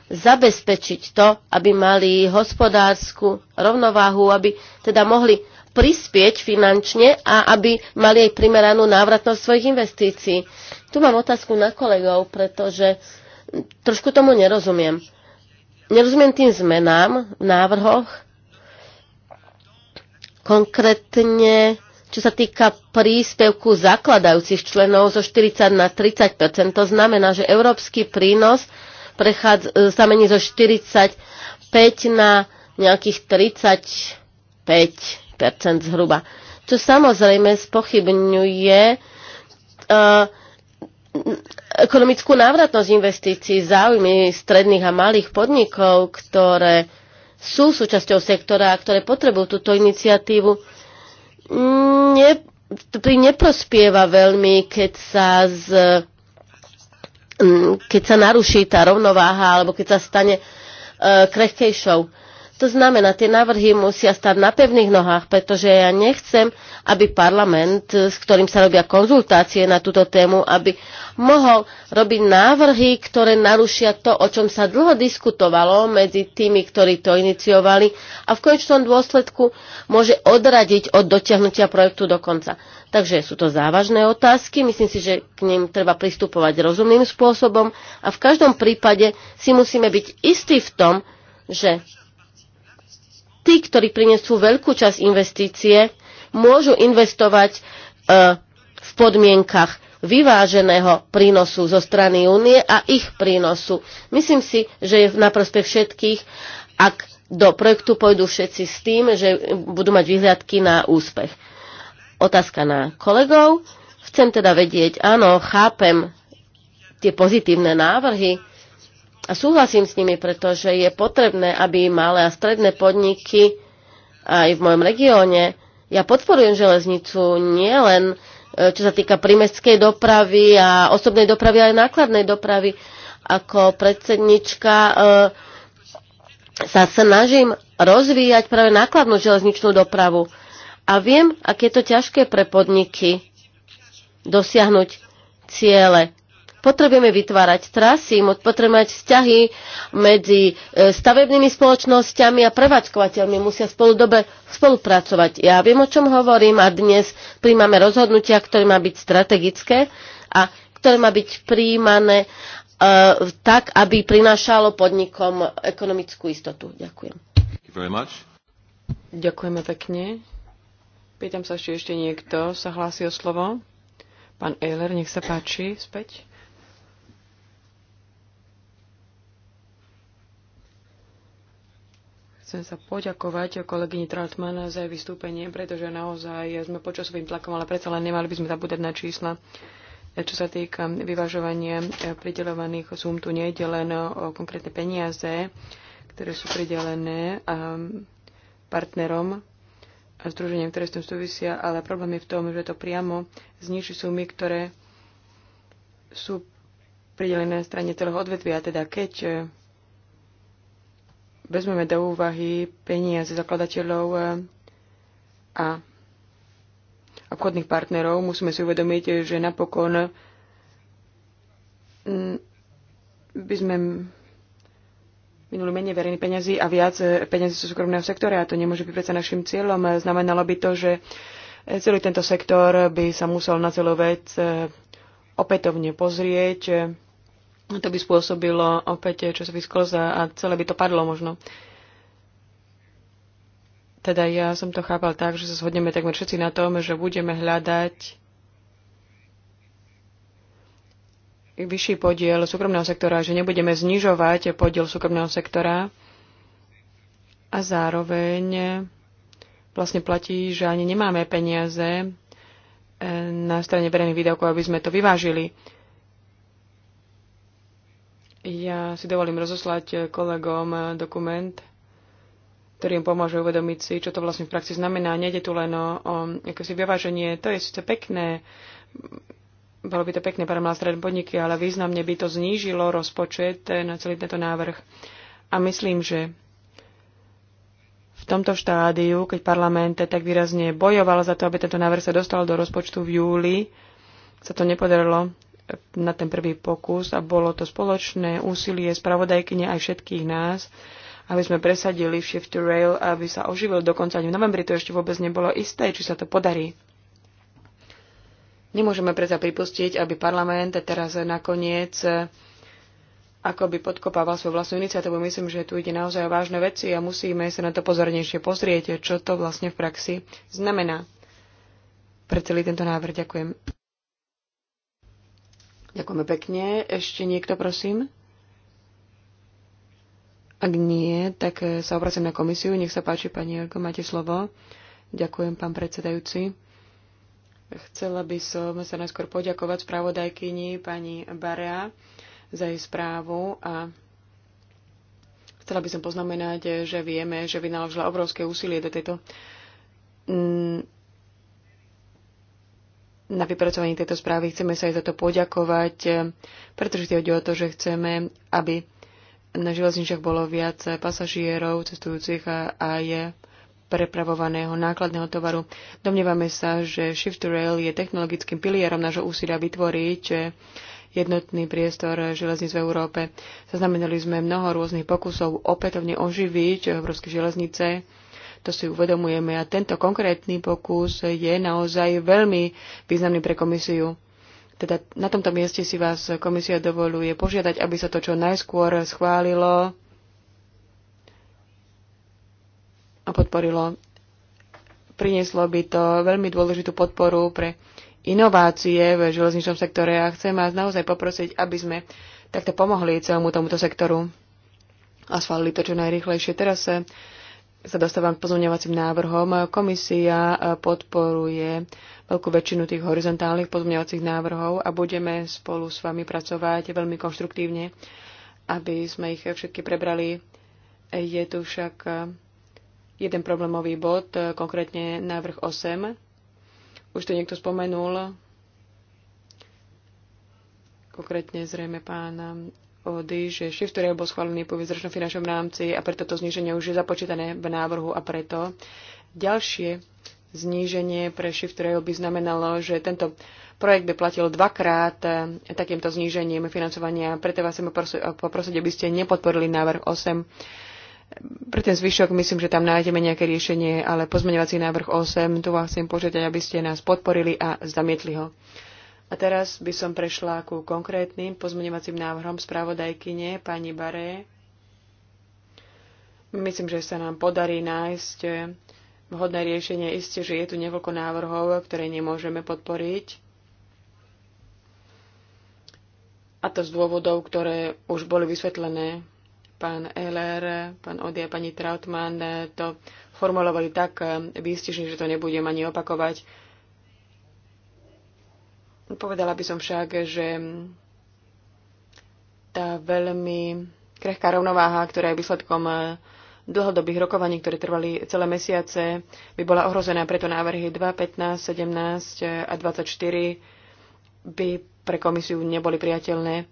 zabezpečiť to, aby mali hospodárskú rovnováhu, aby teda mohli prispieť finančne a aby mali aj primeranú návratnosť svojich investícií. Tu mám otázku na kolegov, pretože trošku tomu nerozumiem. Nerozumiem tým zmenám v návrhoch, konkrétne čo sa týka príspevku zakladajúcich členov zo 40 na 30 To znamená, že európsky prínos e, sa mení zo 45 na nejakých 35 zhruba. Čo samozrejme spochybňuje uh, ekonomickú návratnosť investícií, záujmy stredných a malých podnikov, ktoré sú súčasťou sektora a ktoré potrebujú túto iniciatívu, ne, to neprospieva veľmi, keď sa, z, keď sa naruší tá rovnováha alebo keď sa stane uh, krehkejšou. To znamená, tie návrhy musia stať na pevných nohách, pretože ja nechcem, aby parlament, s ktorým sa robia konzultácie na túto tému, aby mohol robiť návrhy, ktoré narušia to, o čom sa dlho diskutovalo medzi tými, ktorí to iniciovali a v konečnom dôsledku môže odradiť od dotiahnutia projektu do konca. Takže sú to závažné otázky, myslím si, že k ním treba pristupovať rozumným spôsobom a v každom prípade si musíme byť istí v tom, že tí, ktorí prinesú veľkú časť investície, môžu investovať e, v podmienkach vyváženého prínosu zo strany únie a ich prínosu. Myslím si, že je na prospech všetkých, ak do projektu pôjdu všetci s tým, že budú mať vyhliadky na úspech. Otázka na kolegov. Chcem teda vedieť, áno, chápem tie pozitívne návrhy, a súhlasím s nimi, pretože je potrebné, aby malé a stredné podniky aj v mojom regióne, ja podporujem železnicu nielen e, čo sa týka primestskej dopravy a osobnej dopravy, ale aj nákladnej dopravy. Ako predsednička e, sa snažím rozvíjať práve nákladnú železničnú dopravu. A viem, aké je to ťažké pre podniky dosiahnuť ciele Potrebujeme vytvárať trasy, potrebujeme mať vzťahy medzi e, stavebnými spoločnosťami a prevádzkovateľmi. Musia spolu dobre spolupracovať. Ja viem, o čom hovorím a dnes príjmame rozhodnutia, ktoré má byť strategické a ktoré má byť príjmané uh, tak, aby prinášalo podnikom ekonomickú istotu. Ďakujem. Ďakujeme pekne. Pýtam sa, či ešte niekto sa hlási o slovo. Pán Eiler, nech sa páči, späť. Chcem sa poďakovať kolegyni Trautmann za jej vystúpenie, pretože naozaj sme pod časovým tlakom, ale predsa len nemali by sme zabúdať na čísla. Čo sa týka vyvažovania e, pridelovaných sum, tu nie je len o konkrétne peniaze, ktoré sú pridelené ehm, partnerom a združeniem, ktoré s tým súvisia, ale problém je v tom, že to priamo zniží sumy, ktoré sú pridelené na strane celého odvetvia. Teda keď e, vezmeme do úvahy peniaze zakladateľov eh, a obchodných partnerov, musíme si uvedomiť, že napokon mm, by sme minuli menej verejných peniazy a viac eh, peňazí zo súkromného sektora a to nemôže byť predsa našim cieľom. Eh, znamenalo by to, že celý tento sektor by sa musel na celú vec opätovne pozrieť, to by spôsobilo opäť eh, časový sklz a celé by to padlo možno. Teda ja som to chápal tak, že sa zhodneme takmer všetci na tom, že budeme hľadať vyšší podiel súkromného sektora, že nebudeme znižovať podiel súkromného sektora a zároveň eh, vlastne platí, že ani nemáme peniaze eh, na strane verejných výdavkov, aby sme to vyvážili. Ja si dovolím rozoslať eh, kolegom eh, dokument, im pomôže uvedomiť si, čo to vlastne v praxi znamená. Nede tu len o, o akési vyváženie. To je síce pekné, bolo by to pekné pre malé stredné podniky, ale významne by to znížilo rozpočet eh, na celý tento návrh. A myslím, že v tomto štádiu, keď parlament tak výrazne bojoval za to, aby tento návrh sa dostal do rozpočtu v júli, sa to nepodarilo na ten prvý pokus a bolo to spoločné úsilie spravodajkyne aj všetkých nás, aby sme presadili Shift to Rail, aby sa oživil dokonca ani v novembri, to ešte vôbec nebolo isté, či sa to podarí. Nemôžeme predsa pripustiť, aby parlament teraz nakoniec ako by podkopával svoju vlastnú iniciatívu. Myslím, že tu ide naozaj o vážne veci a musíme sa na to pozornejšie pozrieť, čo to vlastne v praxi znamená pre celý tento návrh. Ďakujem. Ďakujeme pekne. Ešte niekto, prosím? Ak nie, tak eh, sa obracím na komisiu. Nech sa páči, pani Jelko, máte slovo. Ďakujem, pán predsedajúci. Chcela by som sa najskôr poďakovať spravodajkyni pani Barea za jej správu a chcela by som poznamenať, eh, že vieme, že vynaložila obrovské úsilie do tejto mm, na vypracovaní tejto správy. Chceme sa aj za to poďakovať, eh, pretože ide o to, že chceme, aby na železničiach bolo viac pasažierov, cestujúcich a aj prepravovaného nákladného tovaru. Domnievame sa, že Shift to Rail je technologickým pilierom nášho úsilia vytvoriť eh, jednotný priestor železníc v Európe. Zaznamenali sme mnoho rôznych pokusov opätovne oživiť eh, európske železnice to si uvedomujeme. A tento konkrétny pokus je naozaj veľmi významný pre komisiu. Teda na tomto mieste si vás komisia dovoluje požiadať, aby sa to čo najskôr schválilo a podporilo. Prinieslo by to veľmi dôležitú podporu pre inovácie v železničnom sektore a chcem vás naozaj poprosiť, aby sme takto pomohli celému tomuto sektoru a schválili to čo najrychlejšie. Teraz sa eh, sa dostávam k pozmeňovacím návrhom. Komisia e, podporuje veľkú väčšinu tých horizontálnych pozmeňovacích návrhov a budeme spolu s vami pracovať veľmi konštruktívne, aby sme ich všetky prebrali. Je tu však e, jeden problémový bod, e, konkrétne návrh 8. Už to niekto spomenul, konkrétne zrejme pán dohody, že šif, ktorý bol schválený po výzračnom finančnom rámci a preto to zníženie už je započítané v návrhu a preto ďalšie zníženie pre shift rail by znamenalo, že tento projekt by platil dvakrát e, takýmto znížením financovania. Preto vás chcem e, poprosiť, aby ste nepodporili návrh 8. Pre ten zvyšok myslím, že tam nájdeme nejaké riešenie, ale pozmeňovací návrh 8, tu vás chcem požiadať, aby ste nás podporili a zamietli ho. A teraz by som prešla ku konkrétnym pozmeňovacím návrhom spravodajkyne pani Baré. Myslím, že sa nám podarí nájsť vhodné riešenie. Isté, že je tu niekoľko návrhov, ktoré nemôžeme podporiť. A to z dôvodov, ktoré už boli vysvetlené. Pán Eller, pán Odia, pani Trautmann to formulovali tak eh, výstižne, že to nebudem ani opakovať Povedala by som však, že tá veľmi krehká rovnováha, ktorá je výsledkom eh, dlhodobých rokovaní, ktoré trvali celé mesiace, by bola ohrozená. Preto návrhy 2, 15, 17 a 24 by pre komisiu neboli priateľné.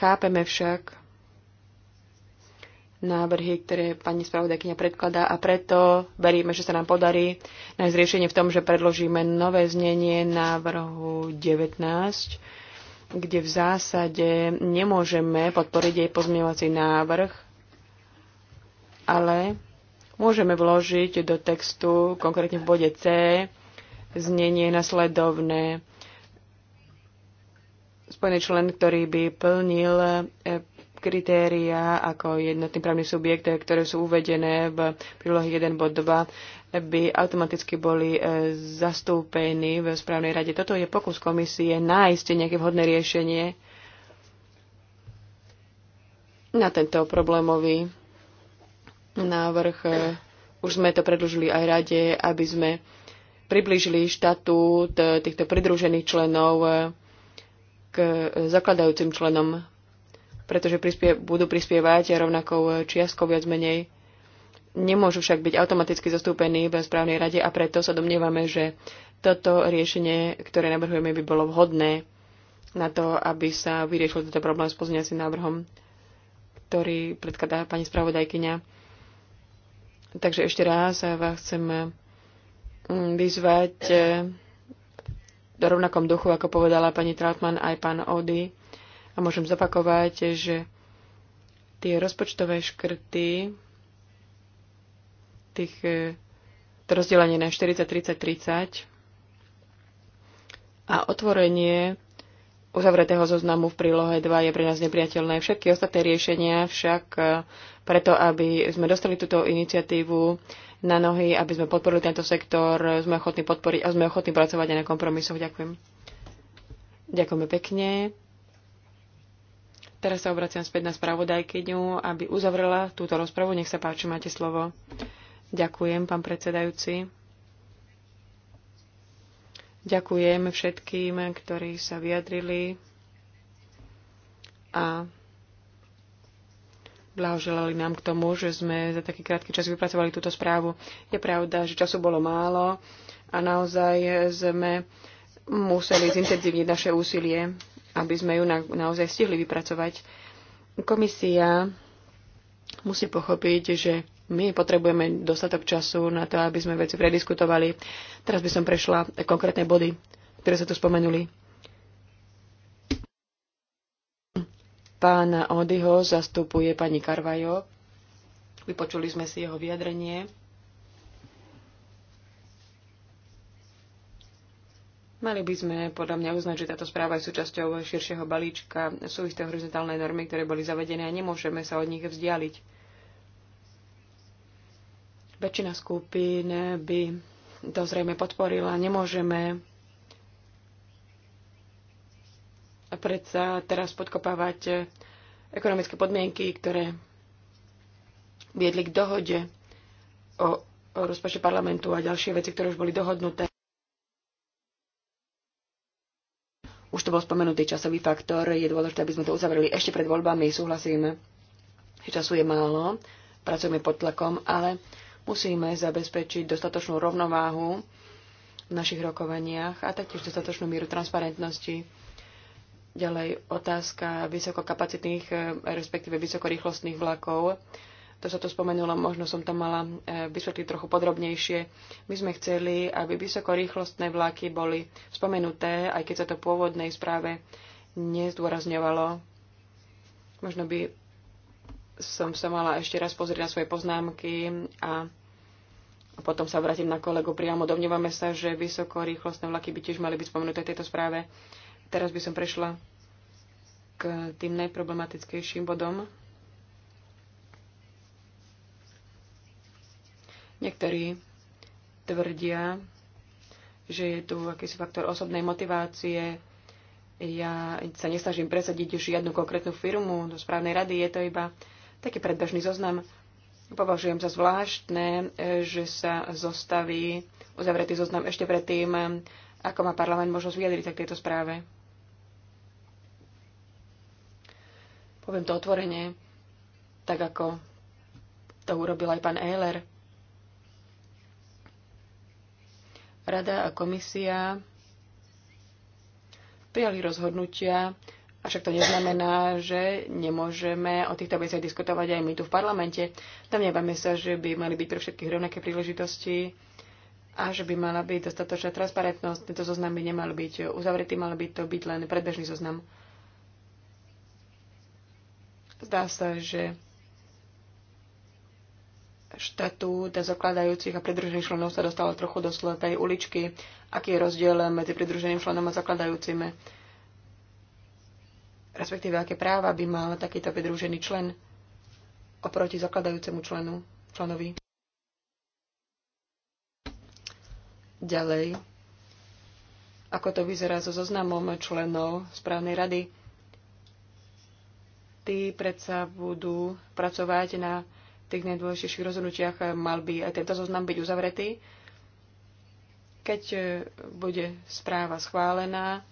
Chápeme však, návrhy, ktoré pani spravodajkynia predkladá a preto veríme, že sa nám podarí nájsť riešenie v tom, že predložíme nové znenie návrhu 19, kde v zásade nemôžeme podporiť jej pozmievací návrh, ale môžeme vložiť do textu, konkrétne v bode C, znenie nasledovné. Spojený člen, ktorý by plnil eh, kritéria ako jednotný právny subjekt, ktoré sú uvedené v prílohe 1 bod 2, by automaticky boli e, zastúpení v správnej rade. Toto je pokus komisie nájsť nejaké vhodné riešenie na tento problémový návrh. E, už sme to predlžili aj rade, aby sme priblížili štatút e, týchto pridružených členov k zakladajúcim členom pretože prispie, budú prispievať rovnakou čiastkou viac menej. Nemôžu však byť automaticky zastúpení v správnej rade a preto sa domnievame, že toto riešenie, ktoré navrhujeme, by bolo vhodné na to, aby sa vyriešil tento problém s pozňacím návrhom, ktorý predkladá pani spravodajkyňa. Takže ešte raz vás chcem mm, vyzvať do eh, rovnakom duchu, ako povedala pani Trautmann aj pán Ody, a môžem zopakovať, že tie rozpočtové škrty, tých, e, to rozdelenie na 40-30-30 a otvorenie uzavretého zoznamu v prílohe 2 je pre nás nepriateľné. Všetky ostatné riešenia však e, preto, aby sme dostali túto iniciatívu na nohy, aby sme podporili tento sektor, sme ochotní podporiť a sme ochotní pracovať aj na kompromisoch. Ďakujem. Ďakujeme pekne. Teraz sa obraciam späť na spravodajkyňu, aby uzavrela túto rozpravu. Nech sa páči, máte slovo. Ďakujem, pán predsedajúci. Ďakujem všetkým, ktorí sa vyjadrili a blahoželali nám k tomu, že sme za taký krátky čas vypracovali túto správu. Je pravda, že času bolo málo a naozaj sme museli zintenzívniť naše úsilie aby sme ju na, naozaj stihli vypracovať. Komisia musí pochopiť, že my potrebujeme dostatok času na to, aby sme veci prediskutovali. Teraz by som prešla konkrétne body, ktoré sa tu spomenuli. Pána Odyho zastupuje pani Karvajo. Vypočuli sme si jeho vyjadrenie Mali by sme podľa mňa uznať, že táto správa je súčasťou širšieho balíčka. Sú isté horizontálne normy, ktoré boli zavedené a nemôžeme sa od nich vzdialiť. Väčšina skupín by to zrejme podporila. Nemôžeme predsa teraz podkopávať ekonomické podmienky, ktoré viedli k dohode o, o rozpočte parlamentu a ďalšie veci, ktoré už boli dohodnuté. Už to bol spomenutý časový faktor, je dôležité, aby sme to uzavreli ešte pred voľbami, súhlasíme, že času je málo, pracujeme pod tlakom, ale musíme zabezpečiť dostatočnú rovnováhu v našich rokovaniach a taktiež dostatočnú míru transparentnosti. Ďalej otázka vysokokapacitných, eh, respektíve vysokorýchlostných vlakov to sa tu spomenulo, možno som to mala e, vysvetliť trochu podrobnejšie. My sme chceli, aby vysokorýchlostné vlaky boli spomenuté, aj keď sa to v pôvodnej správe nezdôrazňovalo. Možno by som sa mala ešte raz pozrieť na svoje poznámky a potom sa vrátim na kolegu priamo. Domnívame sa, že vysokorýchlostné vlaky by tiež mali byť spomenuté v tejto správe. Teraz by som prešla k tým najproblematickejším bodom Niektorí tvrdia, že je tu akýsi faktor osobnej motivácie. Ja sa nesnažím presadiť žiadnu konkrétnu firmu do správnej rady, je to iba taký predbežný zoznam. Považujem za zvláštne, že sa zostaví uzavretý zoznam ešte predtým, ako má parlament možnosť vyjadriť tak tejto správe. Poviem to otvorene, tak ako to urobil aj pán Eiler. Rada a komisia prijali rozhodnutia, avšak to neznamená, že nemôžeme o týchto veciach diskutovať aj my tu v parlamente. nebáme sa, že by mali byť pre všetkých rovnaké príležitosti a že by mala byť dostatočná transparentnosť. Tento zoznam by nemal byť uzavretý, mal by to byť len predbežný zoznam. Zdá sa, že štatút zakladajúcich a pridružených členov sa dostalo trochu do slepej uličky. Aký je rozdiel medzi pridruženým členom a zakladajúcimi? Respektíve, aké práva by mal takýto pridružený člen oproti zakladajúcemu členu, členovi? Ďalej, ako to vyzerá so zoznamom členov správnej rady? Tí predsa budú pracovať na tých najdôležitejších rozhodnutiach mal by tento zoznam byť uzavretý. Keď e, bude správa schválená,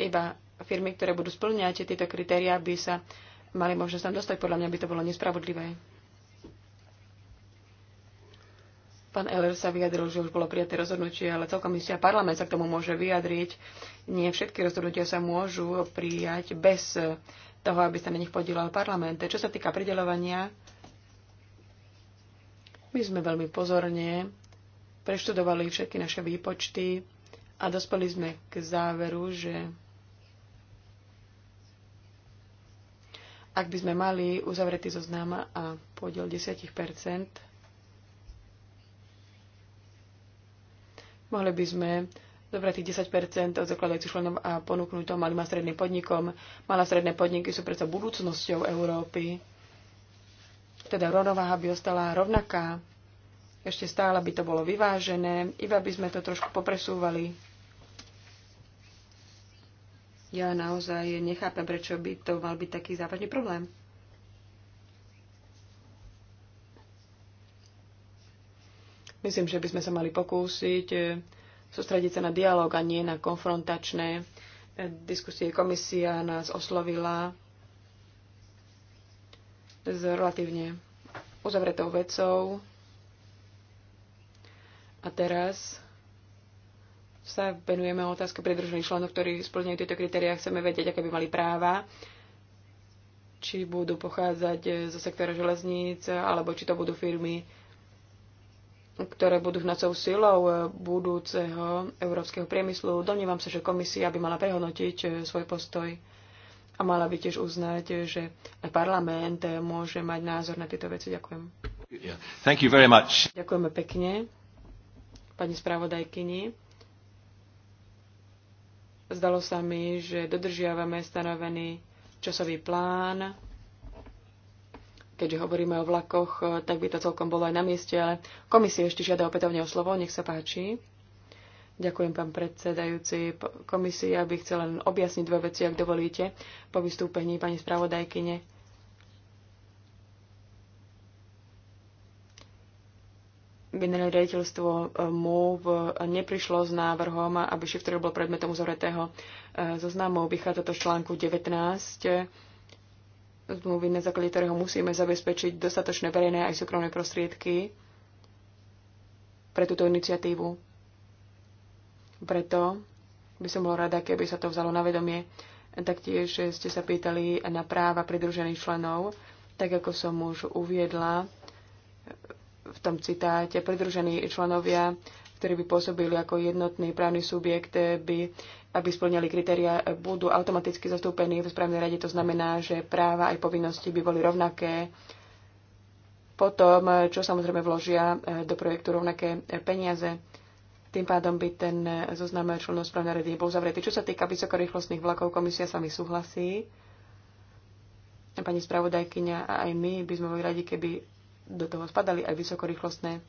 iba firmy, ktoré budú splňať tieto kritéria, by sa mali možnosť tam dostať. Podľa mňa by to bolo nespravodlivé. Pán Eller sa vyjadril, že už bolo prijaté rozhodnutie, ale celkom istia parlament sa k tomu môže vyjadriť. Nie všetky rozhodnutia sa môžu prijať bez toho, aby sa na nich podielal parlament. Čo sa týka pridelovania my sme veľmi pozorne preštudovali všetky naše výpočty a dospeli sme k záveru, že ak by sme mali uzavretý zoznam a podiel 10 mohli by sme zobrať tých 10 od zakladajúcich členov a ponúknuť to malým a stredným podnikom. Malé a stredné podniky sú predsa budúcnosťou Európy teda rovnováha by ostala rovnaká. Ešte stále by to bolo vyvážené, iba by sme to trošku popresúvali. Ja naozaj nechápem, prečo by to mal byť taký závažný problém. Myslím, že by sme sa mali pokúsiť e, sústrediť sa na dialog a nie na konfrontačné e, diskusie. Komisia nás oslovila s relatívne uzavretou vecou. A teraz sa venujeme otázke predružených členov, ktorí splňajú tieto kritériá. Chceme vedieť, aké by mali práva, či budú pochádzať zo sektora železníc, alebo či to budú firmy, ktoré budú hnacou silou budúceho európskeho priemyslu. Domnívam sa, že komisia by mala prehodnotiť svoj postoj a mala by tiež uznať, že aj parlament môže mať názor na tieto veci. Ďakujem. Yeah. Thank you very much. Ďakujeme pekne pani spravodajkyni. Zdalo sa mi, že dodržiavame stanovený časový plán. Keďže hovoríme o vlakoch, tak by to celkom bolo aj na mieste, ale komisie ešte žiada opätovne o slovo. Nech sa páči. Ďakujem, pán predsedajúci. Ja by chcela len objasniť dve veci, ak dovolíte, po vystúpení pani spravodajkyne. Generálne riaditeľstvo e, mu neprišlo s návrhom, aby šifter bol predmetom uzoretého e, zoznamu. Vychádza to z článku 19 zmluvy, na základe ktorého musíme zabezpečiť dostatočné verejné aj súkromné prostriedky pre túto iniciatívu. Preto by som bol rada, keby sa to vzalo na vedomie. Taktiež ste sa pýtali na práva pridružených členov. Tak ako som už uviedla v tom citáte, pridružení členovia, ktorí by pôsobili ako jednotný právny subjekt, by, aby splňali kritéria, budú automaticky zastúpení v správnej rade. To znamená, že práva aj povinnosti by boli rovnaké potom, čo samozrejme vložia eh, do projektu rovnaké eh, peniaze. Tým pádom by ten zoznam členov správnej rady nebol zavretý. Čo sa týka vysokorýchlostných vlakov, komisia sa mi súhlasí. Pani spravodajkyňa a aj my by sme boli radi, keby do toho spadali aj vysokorýchlostné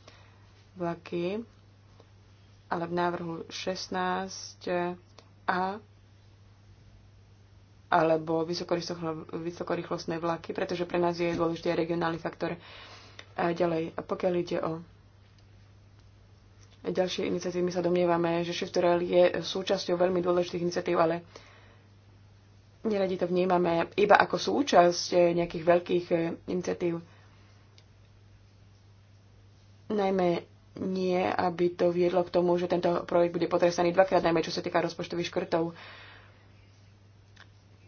vlaky. Ale v návrhu 16a alebo vysokorýchlostné vlaky, pretože pre nás je dôležitý aj regionálny faktor. A ďalej, pokiaľ ide o ďalšie iniciatívy. My sa domnievame, že Shift Rail je súčasťou veľmi dôležitých iniciatív, ale neradi to vnímame iba ako súčasť eh, nejakých veľkých eh, iniciatív. Najmä nie, aby to viedlo k tomu, že tento projekt bude potrestaný dvakrát, najmä čo sa týka rozpočtových škrtov.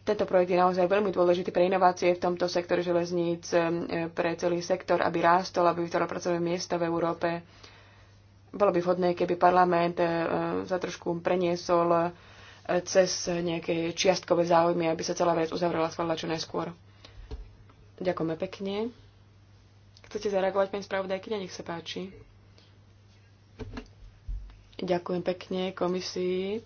Tento projekt je naozaj veľmi dôležitý pre inovácie v tomto sektore železníc, eh, pre celý sektor, aby rástol, aby vytvoril pracovné miesta v Európe bolo by vhodné, keby parlament sa e, trošku preniesol e, cez nejaké čiastkové záujmy, aby sa celá vec uzavrela schválila čo najskôr. Ďakujeme pekne. Chcete zareagovať, pani spravodajkyňa? Nech sa páči. Ďakujem pekne komisii.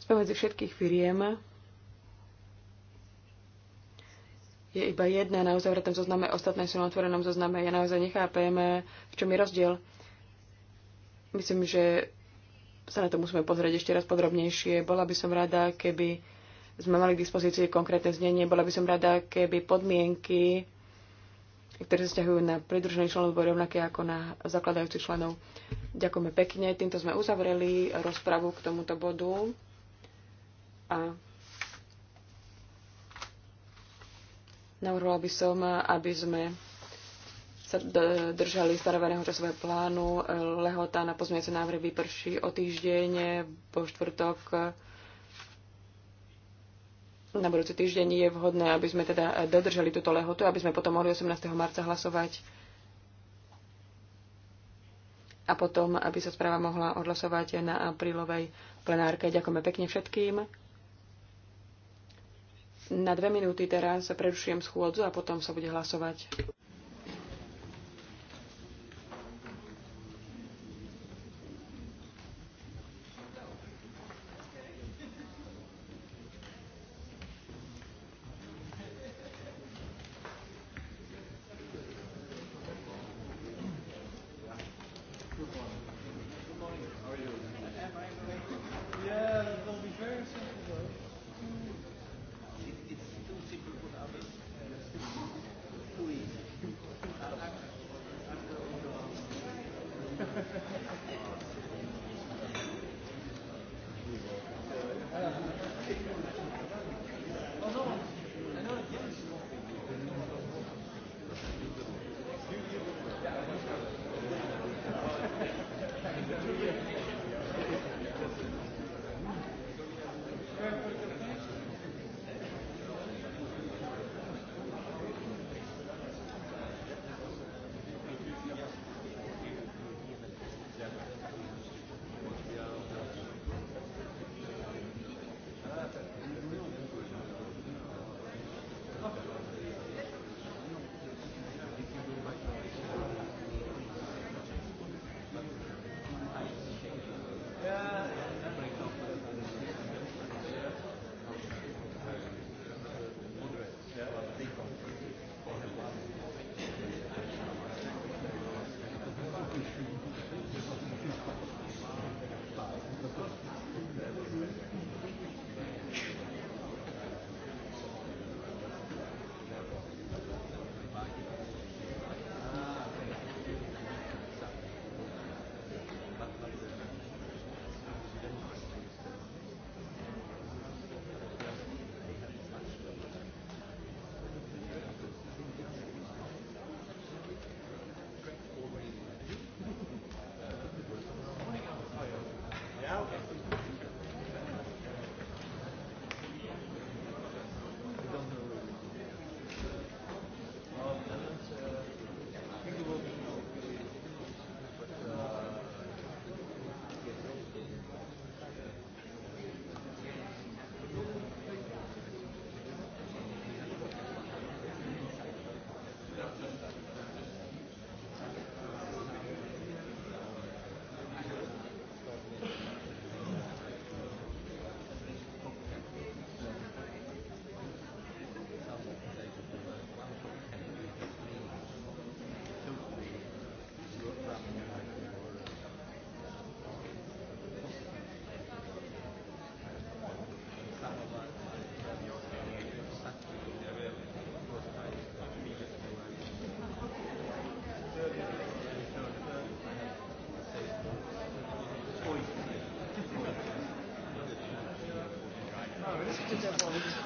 Spomedzi všetkých firiem je iba jedna na uzavretom zozname, ostatné sú na otvorenom zozname. Ja naozaj nechápem, v čom je rozdiel. Myslím, že sa na to musíme pozrieť ešte raz podrobnejšie. Bola by som rada, keby sme mali k dispozícii konkrétne znenie. Bola by som rada, keby podmienky, ktoré sa vzťahujú na pridružených členov, boli rovnaké ako na zakladajúcich členov. Ďakujeme pekne. Týmto sme uzavreli rozpravu k tomuto bodu. A Navrhovala by som, aby sme sa držali staroveného časového plánu. Lehota na pozmeňujúce návrhy vyprší o týždeň, po štvrtok na budúci týždeň je vhodné, aby sme teda dodržali túto lehotu, aby sme potom mohli 18. marca hlasovať a potom, aby sa správa mohla odhlasovať na aprílovej plenárke. Ďakujeme pekne všetkým. Na dve minúty teraz prerušujem schôdzu a potom sa bude hlasovať.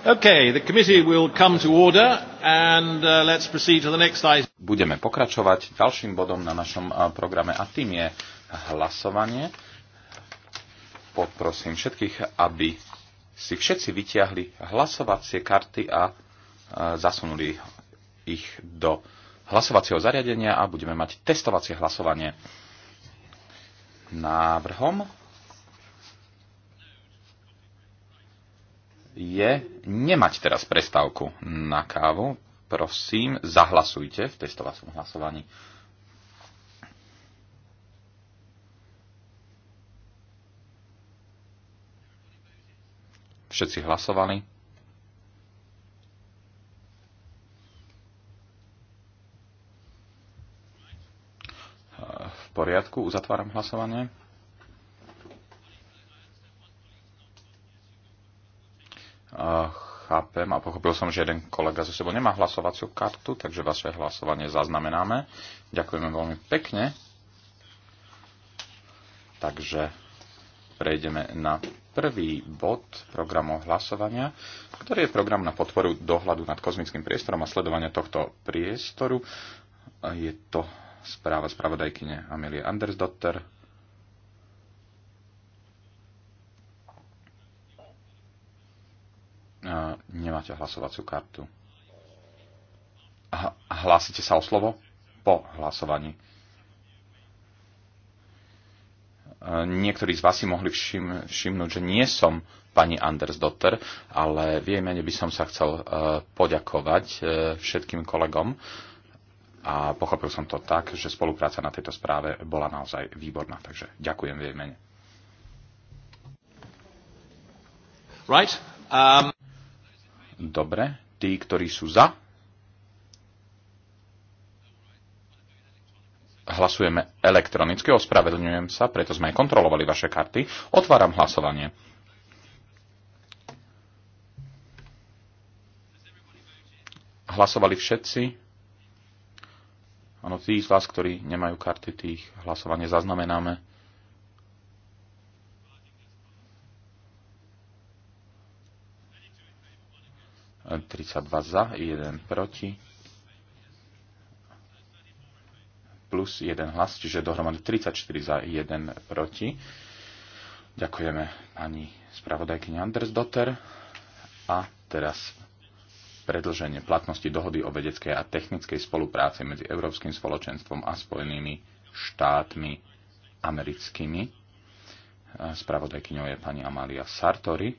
Uh, budeme pokračovať ďalším bodom na našom uh, programe a tým je hlasovanie. Poprosím všetkých, aby si všetci vytiahli hlasovacie karty a uh, zasunuli ich do hlasovacieho zariadenia a budeme mať testovacie hlasovanie návrhom je nemať teraz prestávku na kávu. Prosím, zahlasujte v testovacom hlasovaní. Všetci hlasovali. V poriadku, uzatváram hlasovanie. chápem a pochopil som, že jeden kolega zo sebou nemá hlasovaciu kartu, takže vaše hlasovanie zaznamenáme. Ďakujeme veľmi pekne. Takže prejdeme na prvý bod programu hlasovania, ktorý je program na podporu dohľadu nad kozmickým priestorom a sledovania tohto priestoru. Je to správa spravodajkyne Amelie Andersdotter nemáte hlasovaciu kartu. H- hlásite sa o slovo? Po hlasovaní. E, niektorí z vás si mohli všim, všimnúť, že nie som pani Anders Dotter, ale v jej mene by som sa chcel e, poďakovať e, všetkým kolegom a pochopil som to tak, že spolupráca na tejto správe bola naozaj výborná, takže ďakujem v jej mene. Right. Um... Dobre, tí, ktorí sú za, hlasujeme elektronicky, ospravedlňujem sa, preto sme aj kontrolovali vaše karty. Otváram hlasovanie. Hlasovali všetci? Áno, tí z vás, ktorí nemajú karty, tých hlasovanie zaznamenáme. 32 za, 1 proti, plus 1 hlas, čiže dohromady 34 za, 1 proti. Ďakujeme pani spravodajkyni Andersdotter a teraz predlženie platnosti dohody o vedeckej a technickej spolupráci medzi Európskym spoločenstvom a Spojenými štátmi americkými. Spravodajkyňou je pani Amália Sartori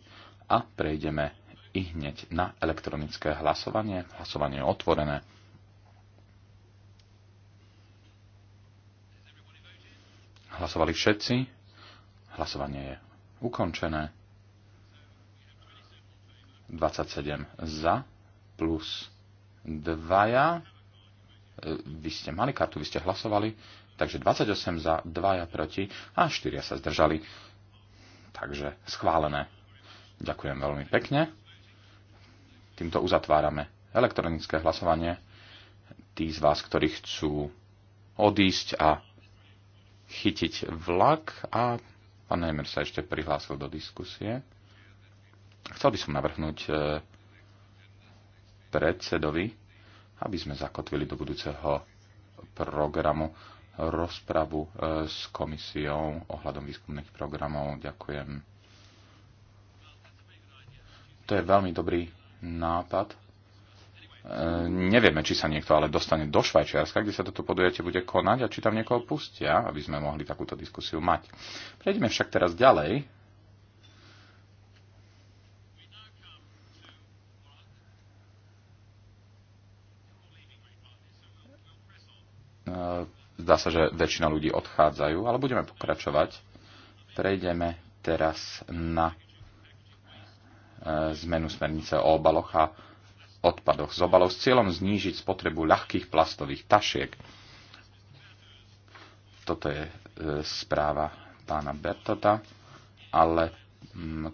a prejdeme i hneď na elektronické hlasovanie. Hlasovanie je otvorené. Hlasovali všetci. Hlasovanie je ukončené. 27 za plus 2. Vy ste mali kartu, vy ste hlasovali. Takže 28 za, 2 proti a 4 sa zdržali. Takže schválené. Ďakujem veľmi pekne. Týmto uzatvárame elektronické hlasovanie. Tí z vás, ktorí chcú odísť a chytiť vlak a pán Neymer sa ešte prihlásil do diskusie. Chcel by som navrhnúť e, predsedovi, aby sme zakotvili do budúceho programu rozpravu e, s komisiou ohľadom výskumných programov. Ďakujem. To je veľmi dobrý nápad. E, nevieme, či sa niekto ale dostane do Švajčiarska, kde sa toto podujatie bude konať a či tam niekoho pustia, aby sme mohli takúto diskusiu mať. Prejdeme však teraz ďalej e, zdá sa, že väčšina ľudí odchádzajú, ale budeme pokračovať. Prejdeme teraz na zmenu smernice o obaloch a odpadoch z obalov s cieľom znížiť spotrebu ľahkých plastových tašiek. Toto je e, správa pána Bertota, ale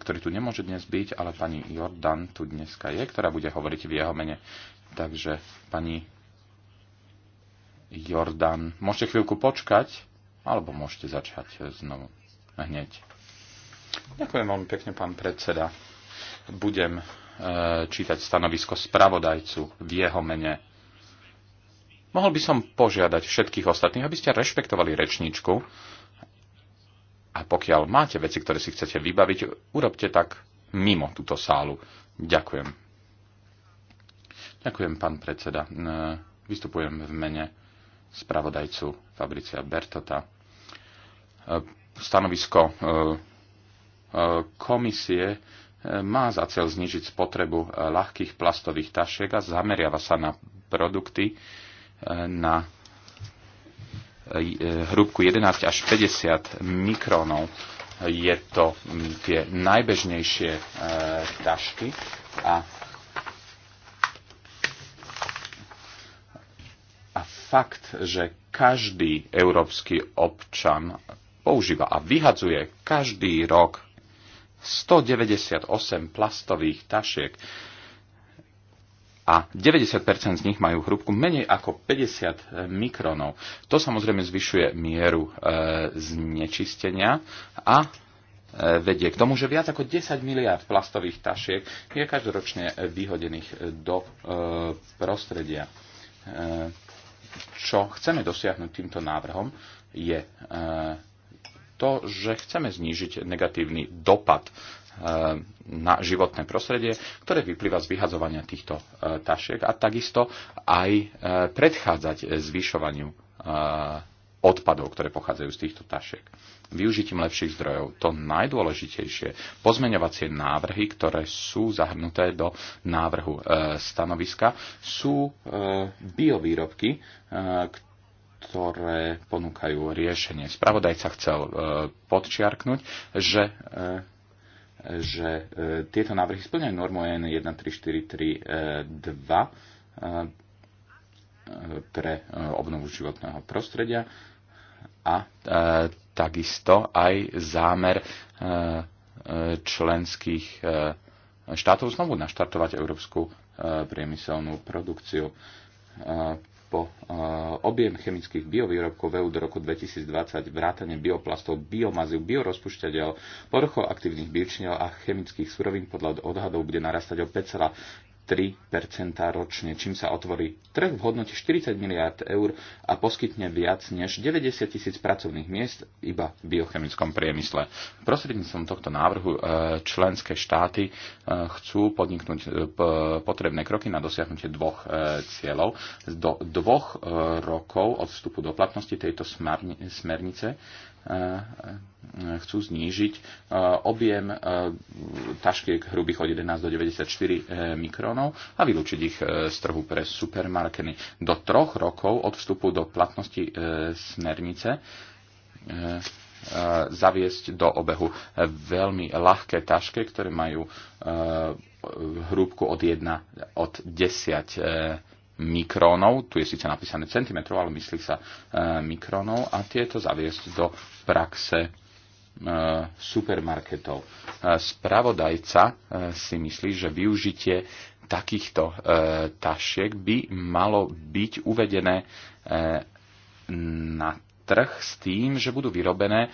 ktorý tu nemôže dnes byť, ale pani Jordan tu dneska je, ktorá bude hovoriť v jeho mene. Takže pani Jordan, môžete chvíľku počkať, alebo môžete začať e, znovu hneď. Ďakujem veľmi pekne, pán predseda budem e, čítať stanovisko spravodajcu v jeho mene. Mohol by som požiadať všetkých ostatných, aby ste rešpektovali rečníčku a pokiaľ máte veci, ktoré si chcete vybaviť, urobte tak mimo túto sálu. Ďakujem. Ďakujem, pán predseda. E, vystupujem v mene spravodajcu Fabricia Bertota. E, stanovisko komisie má za cel znižiť spotrebu e, ľahkých plastových tašiek a zameriava sa na produkty e, na e, hrúbku 11 až 50 mikronov. Je to tie najbežnejšie tašky a a fakt, že každý európsky občan používa a vyhadzuje každý rok 198 plastových tašiek a 90% z nich majú hrúbku menej ako 50 e, mikronov. To samozrejme zvyšuje mieru e, znečistenia a e, vedie k tomu, že viac ako 10 miliard plastových tašiek je každoročne e, vyhodených e, do e, prostredia. E, čo chceme dosiahnuť týmto návrhom je e, to, že chceme znížiť negatívny dopad e, na životné prostredie, ktoré vyplýva z vyhadzovania týchto e, tašiek a takisto aj e, predchádzať zvyšovaniu odpadov, ktoré pochádzajú z týchto tašiek. Využitím lepších zdrojov. To najdôležitejšie. Pozmeňovacie návrhy, ktoré sú zahrnuté do návrhu stanoviska, sú biovýrobky, ktoré ktoré ponúkajú riešenie. Spravodajca chcel e, podčiarknúť, že e, že e, tieto návrhy splňajú normu EN 13432 pre obnovu životného prostredia a takisto aj zámer členských štátov znovu naštartovať európsku priemyselnú produkciu po eh, objem chemických biovýrobkov v EU do roku 2020, vrátane bioplastov, biomazy, biorozpušťateľ, aktívnych biočinov a chemických surovín podľa odhadov bude narastať o 3 ročne, čím sa otvorí trh v hodnote 40 miliárd eur a poskytne viac než 90 tisíc pracovných miest iba v biochemickom priemysle. Prostredníctvom tohto návrhu e, členské štáty e, chcú podniknúť e, potrebné kroky na dosiahnutie dvoch cieľov. Do dvoch rokov od vstupu do platnosti tejto smernice E, e, chcú znížiť e, objem taškiek hrubých od 11 do 94 mikronov a vylúčiť ich z trhu pre supermarkety do troch rokov od vstupu do platnosti smernice zaviesť do obehu veľmi ľahké taške, ktoré majú hrúbku od 1 od 10 mikrónov, tu je síce napísané centimetrov, ale myslí sa e, mikrónov a tieto zaviesť do praxe e, supermarketov. E, spravodajca e, si myslí, že využitie takýchto e, tašiek by malo byť uvedené e, na trh s tým, že budú vyrobené e,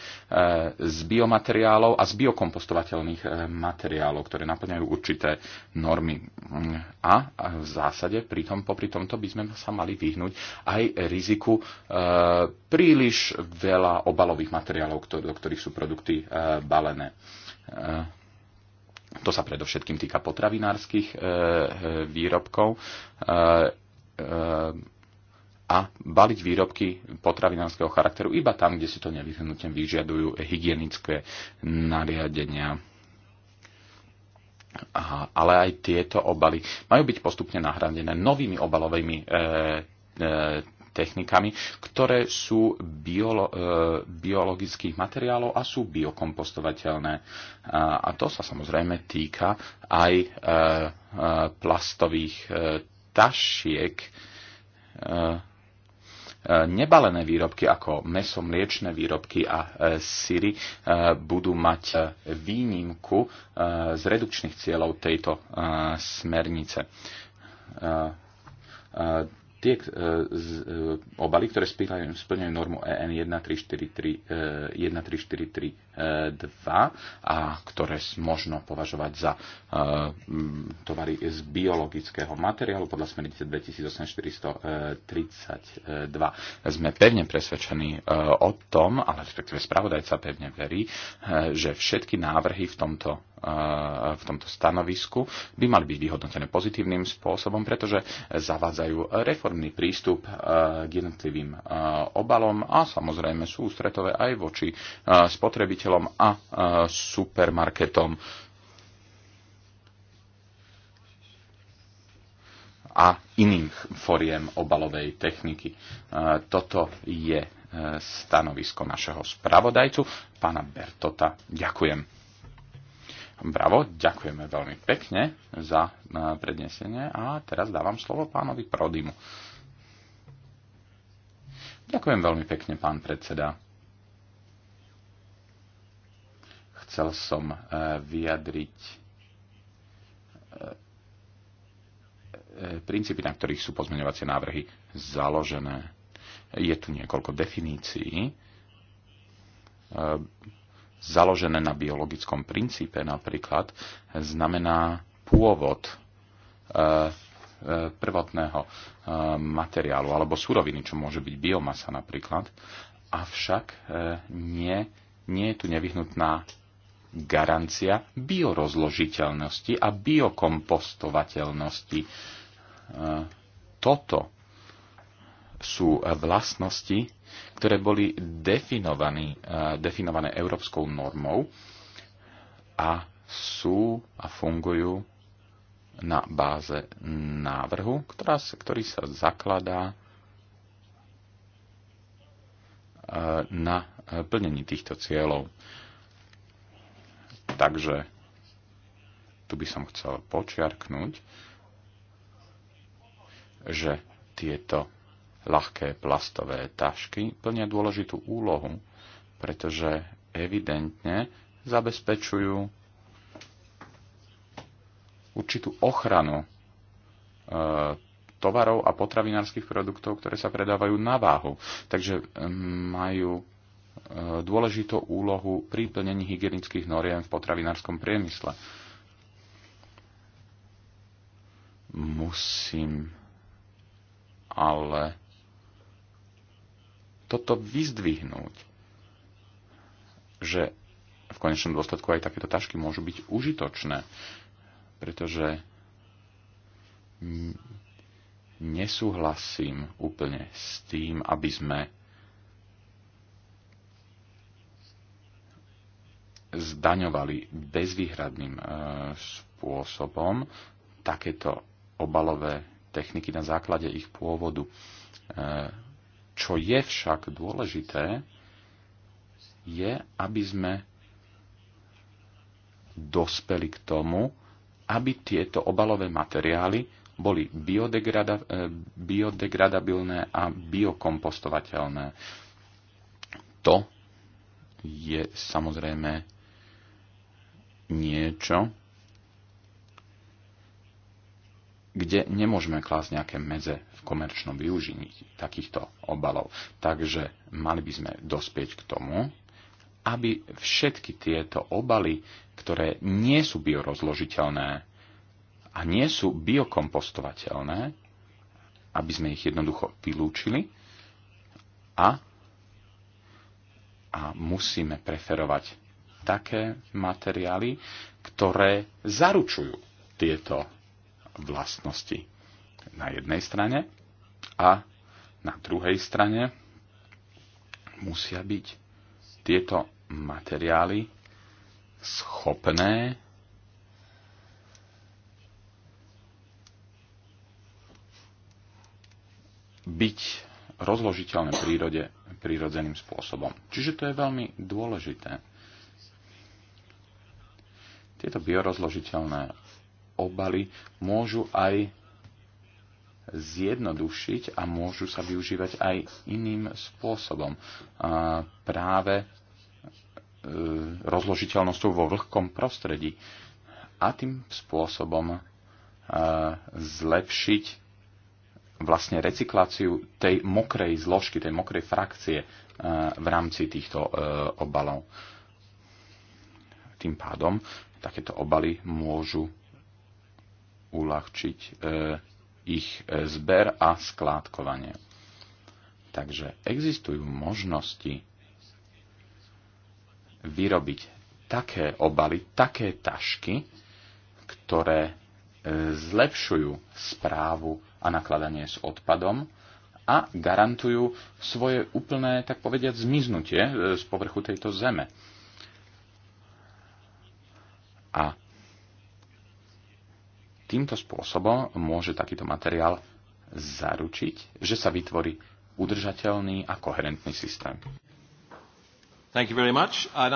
z biomateriálov a z biokompostovateľných e, materiálov, ktoré naplňajú určité normy. A v zásade tom, popri tomto by sme sa mali vyhnúť aj riziku e, príliš veľa obalových materiálov, do ktorých sú produkty balené. To sa predovšetkým týka potravinárskych výrobkov a baliť výrobky potravinárskeho charakteru iba tam, kde si to nevyhnutne vyžiadujú hygienické nariadenia. Aha, ale aj tieto obaly majú byť postupne nahradené novými obalovými e, e, technikami, ktoré sú biolo, e, biologických materiálov a sú biokompostovateľné. A, a to sa samozrejme týka aj e, e, plastových e, tašiek. E, nebalené výrobky ako meso, mliečne výrobky a e, syry e, budú mať e, výnimku z redukčných cieľov tejto smernice. Tie obaly, ktoré splňajú normu EN 1343, 1343 a ktoré možno považovať za e, tovary z biologického materiálu podľa smernice 28432. Sme pevne presvedčení e, o tom, ale respektíve spravodajca pevne verí, e, že všetky návrhy v tomto v tomto stanovisku by mali byť vyhodnotené pozitívnym spôsobom, pretože zavádzajú reformný prístup k jednotlivým obalom a samozrejme sú ústretové aj voči spotrebiteľom spotrebiteľom a supermarketom. a iných foriem obalovej techniky. E, toto je e, stanovisko našeho spravodajcu, pána Bertota. Ďakujem. Bravo, ďakujeme veľmi pekne za e, prednesenie a teraz dávam slovo pánovi Prodimu. Ďakujem veľmi pekne, pán predseda. Chcel som eh, vyjadriť eh, eh, princípy, na ktorých sú pozmeňovacie návrhy založené. Je tu niekoľko definícií založené na biologickom princípe napríklad, znamená pôvod prvotného materiálu alebo suroviny, čo môže byť biomasa napríklad, avšak nie, nie je tu nevyhnutná garancia biorozložiteľnosti a biokompostovateľnosti. E, toto sú vlastnosti, ktoré boli e, definované európskou normou a sú a fungujú na báze návrhu, ktorá, ktorý sa zakladá e, na plnení týchto cieľov. Takže tu by som chcel počiarknúť, že tieto ľahké plastové tašky plnia dôležitú úlohu, pretože evidentne zabezpečujú určitú ochranu e, tovarov a potravinárskych produktov, ktoré sa predávajú na váhu. Takže mm, majú dôležitú úlohu pri plnení hygienických noriem v potravinárskom priemysle. Musím ale toto vyzdvihnúť, že v konečnom dôsledku aj takéto tašky môžu byť užitočné, pretože nesúhlasím úplne s tým, aby sme zdaňovali bezvýhradným e, spôsobom takéto obalové techniky na základe ich pôvodu. E, čo je však dôležité, je, aby sme dospeli k tomu, aby tieto obalové materiály boli biodegrada, e, biodegradabilné a biokompostovateľné. To je samozrejme niečo, kde nemôžeme klásť nejaké medze v komerčnom využití takýchto obalov. Takže mali by sme dospieť k tomu, aby všetky tieto obaly, ktoré nie sú biorozložiteľné a nie sú biokompostovateľné, aby sme ich jednoducho vylúčili a, a musíme preferovať také materiály, ktoré zaručujú tieto vlastnosti na jednej strane a na druhej strane musia byť tieto materiály schopné byť rozložiteľné v prírode prirodzeným spôsobom. Čiže to je veľmi dôležité. Tieto biorozložiteľné obaly môžu aj zjednodušiť a môžu sa využívať aj iným spôsobom. A práve e, rozložiteľnosťou vo vlhkom prostredí a tým spôsobom e, zlepšiť vlastne recikláciu tej mokrej zložky, tej mokrej frakcie e, v rámci týchto e, obalov. Tým pádom takéto obaly môžu uľahčiť e, ich e, zber a skládkovanie. Takže existujú možnosti vyrobiť také obaly, také tašky, ktoré e, zlepšujú správu a nakladanie s odpadom a garantujú svoje úplné, tak povediať, zmiznutie z povrchu tejto zeme. A týmto spôsobom môže takýto materiál zaručiť, že sa vytvorí udržateľný a koherentný systém. Thank you very much. I...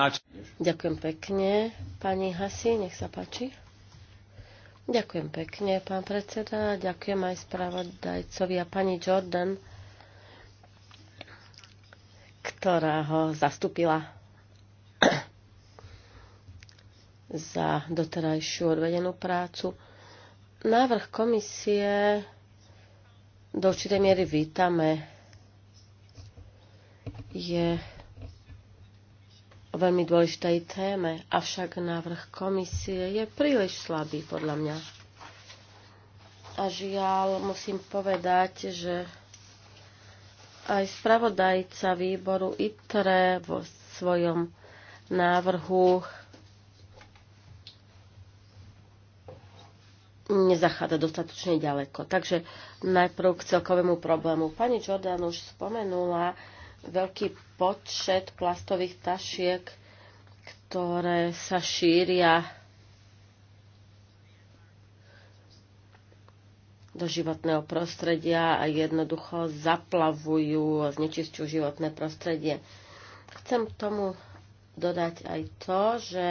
Ďakujem pekne. Pani Hasi, nech sa páči. Ďakujem pekne, pán predseda. Ďakujem aj spravodajcovi a pani Jordan, ktorá ho zastúpila za doterajšiu odvedenú prácu. Návrh komisie do určitej miery vítame. Je o veľmi dôležitej téme, avšak návrh komisie je príliš slabý podľa mňa. A žiaľ, musím povedať, že aj spravodajca výboru ITRE vo svojom návrhu nezachádza dostatočne ďaleko. Takže najprv k celkovému problému. Pani Jordan už spomenula veľký počet plastových tašiek, ktoré sa šíria do životného prostredia a jednoducho zaplavujú a znečisťujú životné prostredie. Chcem tomu dodať aj to, že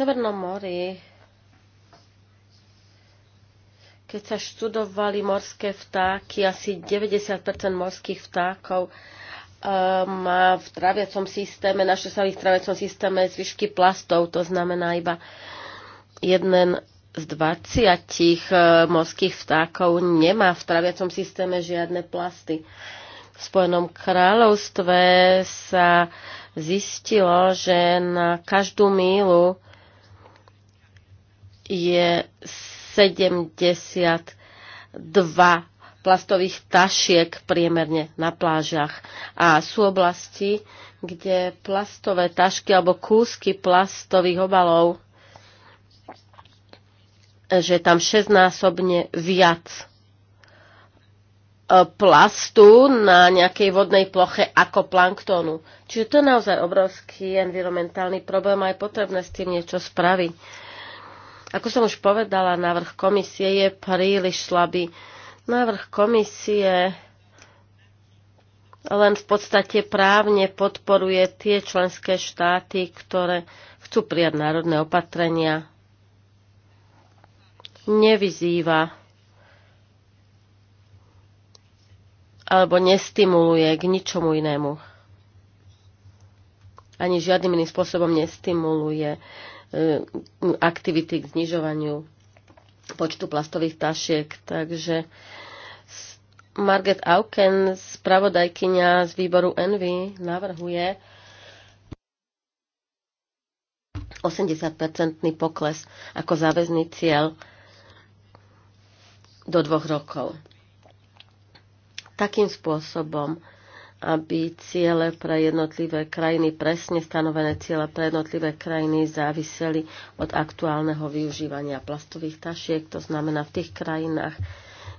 Severnom mori, keď sa študovali morské vtáky, asi 90 morských vtákov ehm, má v traviacom systéme, naše sa v traviacom systéme zvyšky plastov, to znamená iba jeden z 20 e, morských vtákov nemá v traviacom systéme žiadne plasty. V Spojenom kráľovstve sa zistilo, že na každú mílu je 72 plastových tašiek priemerne na plážach. A sú oblasti, kde plastové tašky alebo kúsky plastových obalov, že tam šestnásobne viac e, plastu na nejakej vodnej ploche ako planktónu. Čiže to je naozaj obrovský environmentálny problém a je potrebné s tým niečo spraviť ako som už povedala, návrh komisie je príliš slabý. Návrh komisie len v podstate právne podporuje tie členské štáty, ktoré chcú prijať národné opatrenia. Nevyzýva alebo nestimuluje k ničomu inému. Ani žiadnym iným spôsobom nestimuluje E, aktivity k znižovaniu počtu plastových tašiek. Takže Margaret Auken, spravodajkyňa z výboru Envy, navrhuje 80-percentný pokles ako záväzný cieľ do dvoch rokov. Takým spôsobom aby ciele pre jednotlivé krajiny, presne stanovené ciele pre jednotlivé krajiny záviseli od aktuálneho využívania plastových tašiek, to znamená v tých krajinách,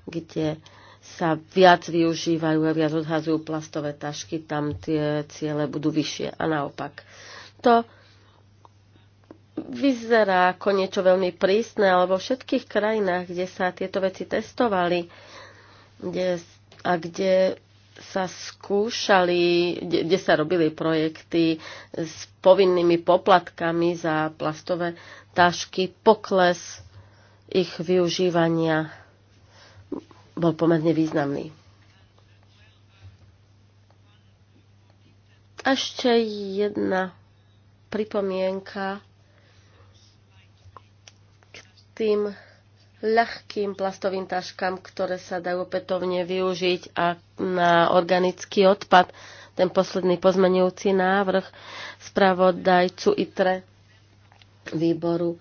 kde sa viac využívajú a viac odhazujú plastové tašky, tam tie ciele budú vyššie a naopak. To vyzerá ako niečo veľmi prísne, ale vo všetkých krajinách, kde sa tieto veci testovali kde, a kde sa skúšali, kde sa robili projekty s povinnými poplatkami za plastové tašky, pokles ich využívania bol pomerne významný. ešte jedna pripomienka k tým ľahkým plastovým taškám, ktoré sa dajú opätovne využiť a na organický odpad. Ten posledný pozmenujúci návrh spravodajcu ITRE výboru.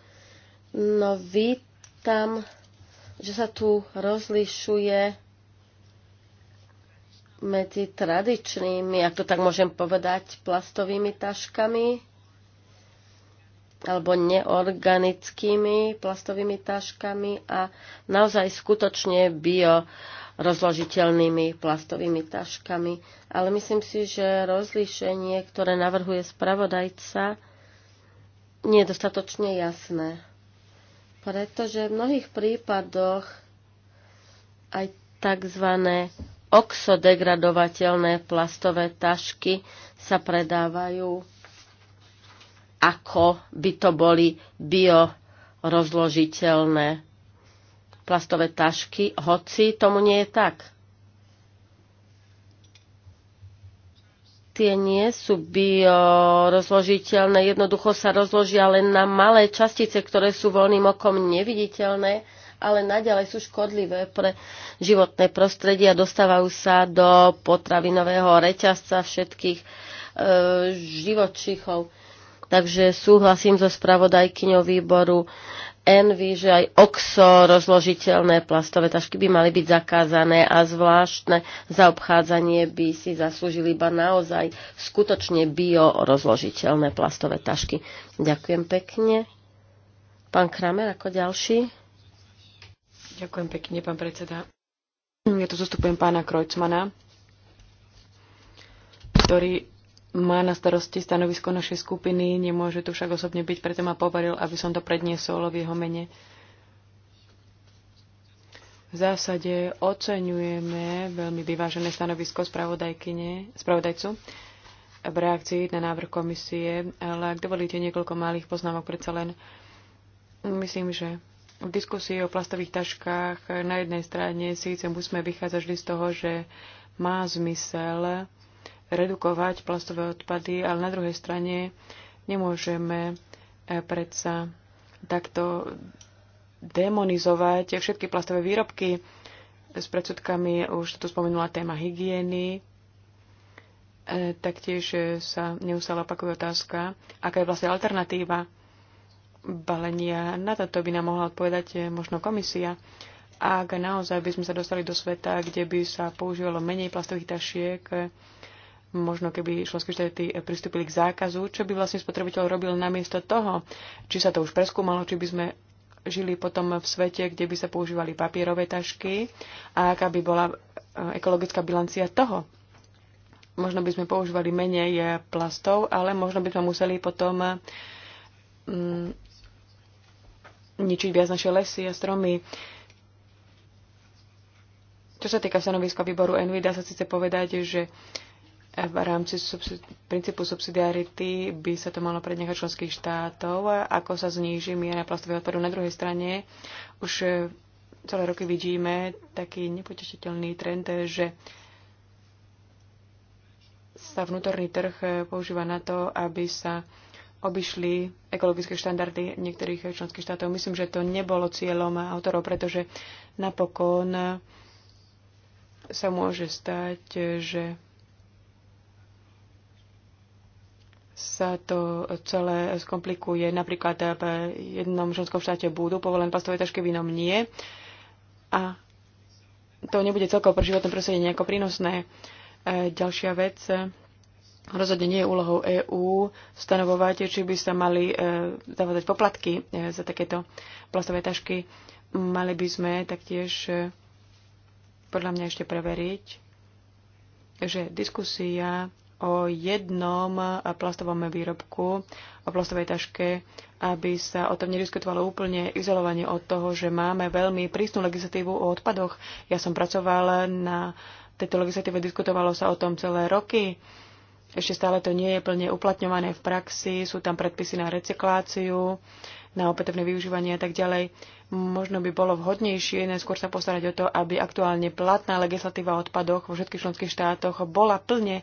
No vítam, že sa tu rozlišuje medzi tradičnými, ak to tak môžem povedať, plastovými taškami alebo neorganickými plastovými taškami a naozaj skutočne bio rozložiteľnými plastovými taškami. Ale myslím si, že rozlíšenie, ktoré navrhuje spravodajca, nie je dostatočne jasné. Pretože v mnohých prípadoch aj tzv. oxodegradovateľné plastové tašky sa predávajú ako by to boli biorozložiteľné plastové tašky, hoci tomu nie je tak. Tie nie sú biorozložiteľné, jednoducho sa rozložia len na malé častice, ktoré sú voľným okom neviditeľné, ale naďalej sú škodlivé pre životné prostredie a dostávajú sa do potravinového reťazca všetkých e, živočíchov Takže súhlasím so spravodajkyňou výboru Envy, že aj OXO rozložiteľné plastové tašky by mali byť zakázané a zvláštne zaobchádzanie by si zaslúžili iba naozaj skutočne bio rozložiteľné plastové tašky. Ďakujem pekne. Pán Kramer ako ďalší. Ďakujem pekne, pán predseda. Ja tu zastupujem pána Krojcmana, ktorý má na starosti stanovisko našej skupiny, nemôže tu však osobne byť, preto ma povaril, aby som to predniesol v jeho mene. V zásade oceňujeme veľmi vyvážené stanovisko spravodajkyne, spravodajcu v reakcii na návrh komisie, ale ak dovolíte niekoľko malých poznámok predsa len, myslím, že v diskusii o plastových taškách na jednej strane síce musíme vychádzať vždy z toho, že má zmysel redukovať plastové odpady, ale na druhej strane nemôžeme e, predsa takto demonizovať všetky plastové výrobky. S predsudkami už tu spomenula téma hygieny. E, taktiež e, sa neustále opakuje otázka, aká je vlastne alternatíva balenia. Na toto by nám mohla odpovedať možno komisia. Ak naozaj by sme sa dostali do sveta, kde by sa používalo menej plastových tašiek, Možno keby členské štáty pristúpili k zákazu, čo by vlastne spotrebiteľ robil namiesto toho, či sa to už preskúmalo, či by sme žili potom v svete, kde by sa používali papierové tašky a aká by bola e, ekologická bilancia toho. Možno by sme používali menej e, plastov, ale možno by sme museli potom e, mm, ničiť viac naše lesy a stromy. Čo sa týka stanoviska výboru Envy, dá sa síce povedať, že v rámci princípu subsidiarity by sa to malo nechať členských štátov. A ako sa zníži miera plastového odpadu na druhej strane, už e, celé roky vidíme taký nepotešiteľný trend, že sa vnútorný trh e, používa na to, aby sa obišli ekologické štandardy niektorých členských štátov. Myslím, že to nebolo cieľom autorov, pretože napokon sa môže stať, e, že sa to celé skomplikuje. Napríklad v jednom ženskom štáte budú povolené plastové tašky, v inom nie. A to nebude celkovo pre životné prostredie nejako prínosné. E, ďalšia vec, rozhodne nie je úlohou EÚ stanovovať, či by sa mali e, zavádzať poplatky e, za takéto plastové tašky. Mali by sme taktiež podľa mňa ešte preveriť, že diskusia o jednom plastovom výrobku, o plastovej taške, aby sa o tom nediskutovalo úplne izolovanie od toho, že máme veľmi prísnu legislatívu o odpadoch. Ja som pracoval na tejto legislatíve, diskutovalo sa o tom celé roky. Ešte stále to nie je plne uplatňované v praxi, sú tam predpisy na recykláciu, na opätovné využívanie a tak ďalej. Možno by bolo vhodnejšie neskôr sa postarať o to, aby aktuálne platná legislatíva o odpadoch vo všetkých členských štátoch bola plne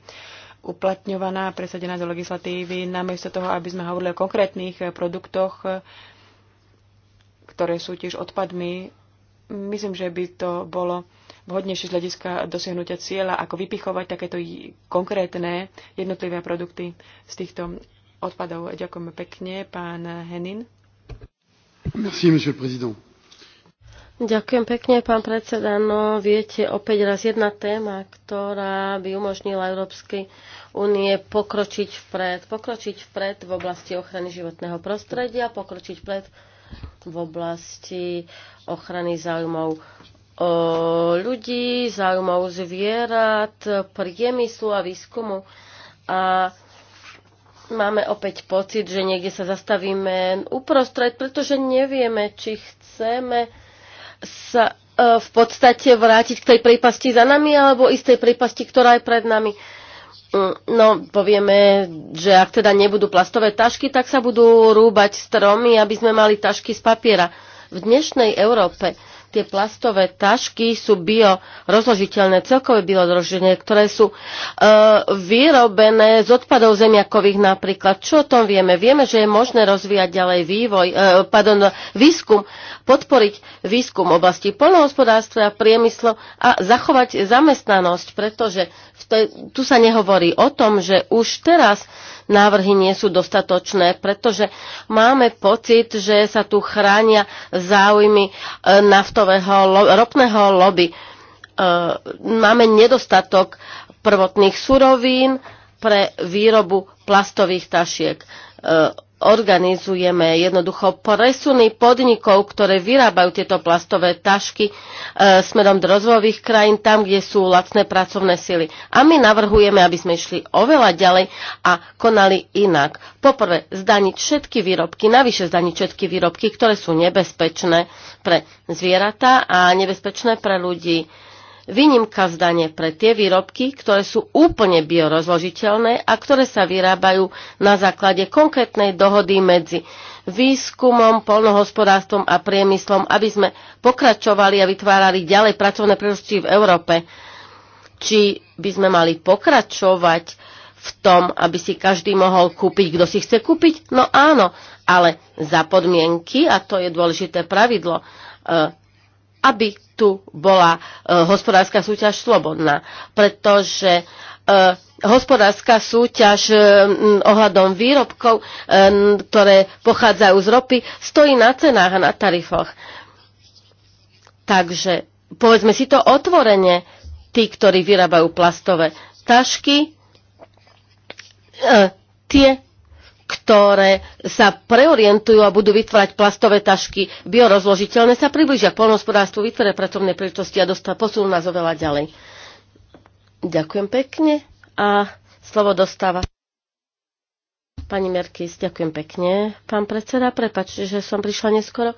uplatňovaná presadená do legislatívy, namiesto toho, aby sme hovorili o konkrétnych eh, produktoch, eh, ktoré sú tiež odpadmi. Myslím, že by to bolo vhodnejšie z hľadiska dosiahnutia cieľa, ako vypichovať takéto konkrétne jednotlivé produkty z týchto odpadov. Ďakujeme pekne, pán Henin. Merci, monsieur le président. Ďakujem pekne, pán predseda. No, viete, opäť raz jedna téma, ktorá by umožnila Európskej únie pokročiť vpred. Pokročiť vpred v oblasti ochrany životného prostredia, pokročiť vpred v oblasti ochrany záujmov ľudí, záujmov zvierat, priemyslu a výskumu. A máme opäť pocit, že niekde sa zastavíme uprostred, pretože nevieme, či chceme sa e, v podstate vrátiť k tej prípasti za nami alebo istej prípasti, ktorá je pred nami. Mm, no, povieme, že ak teda nebudú plastové tašky, tak sa budú rúbať stromy, aby sme mali tašky z papiera. V dnešnej Európe Tie plastové tašky sú bio rozložiteľné, celkové biodroženie, ktoré sú e, vyrobené z odpadov zemiakových napríklad. Čo o tom vieme? Vieme, že je možné rozvíjať ďalej vývoj, e, pardon, výskum, podporiť výskum oblasti polnohospodárstva a priemyslu a zachovať zamestnanosť, pretože v tej, tu sa nehovorí o tom, že už teraz návrhy nie sú dostatočné, pretože máme pocit, že sa tu chránia záujmy e, nafto naftového, ropného lobby. E, máme nedostatok prvotných surovín pre výrobu plastových tašiek e, organizujeme jednoducho presuny podnikov, ktoré vyrábajú tieto plastové tašky e, smerom do rozvojových krajín, tam, kde sú lacné pracovné sily. A my navrhujeme, aby sme išli oveľa ďalej a konali inak. Poprvé, zdaniť všetky výrobky, navyše zdaniť všetky výrobky, ktoré sú nebezpečné pre zvieratá a nebezpečné pre ľudí výnimka z dane pre tie výrobky, ktoré sú úplne biorozložiteľné a ktoré sa vyrábajú na základe konkrétnej dohody medzi výskumom, polnohospodárstvom a priemyslom, aby sme pokračovali a vytvárali ďalej pracovné príležitosti v Európe. Či by sme mali pokračovať v tom, aby si každý mohol kúpiť, kto si chce kúpiť? No áno, ale za podmienky, a to je dôležité pravidlo, e, aby tu bola e, hospodárska súťaž slobodná, pretože e, hospodárska súťaž e, ohľadom výrobkov, ktoré pochádzajú z ropy, stojí na cenách a na tarifoch. Takže povedzme si to otvorene, tí, ktorí vyrábajú plastové tašky, tie ktoré sa preorientujú a budú vytvárať plastové tašky biorozložiteľné, sa približia k polnohospodárstvu, vytvoria pracovné príležitosti a dostá, posunú nás oveľa ďalej. Ďakujem pekne a slovo dostáva. Pani Merkis, ďakujem pekne. Pán predseda, prepačte, že som prišla neskoro.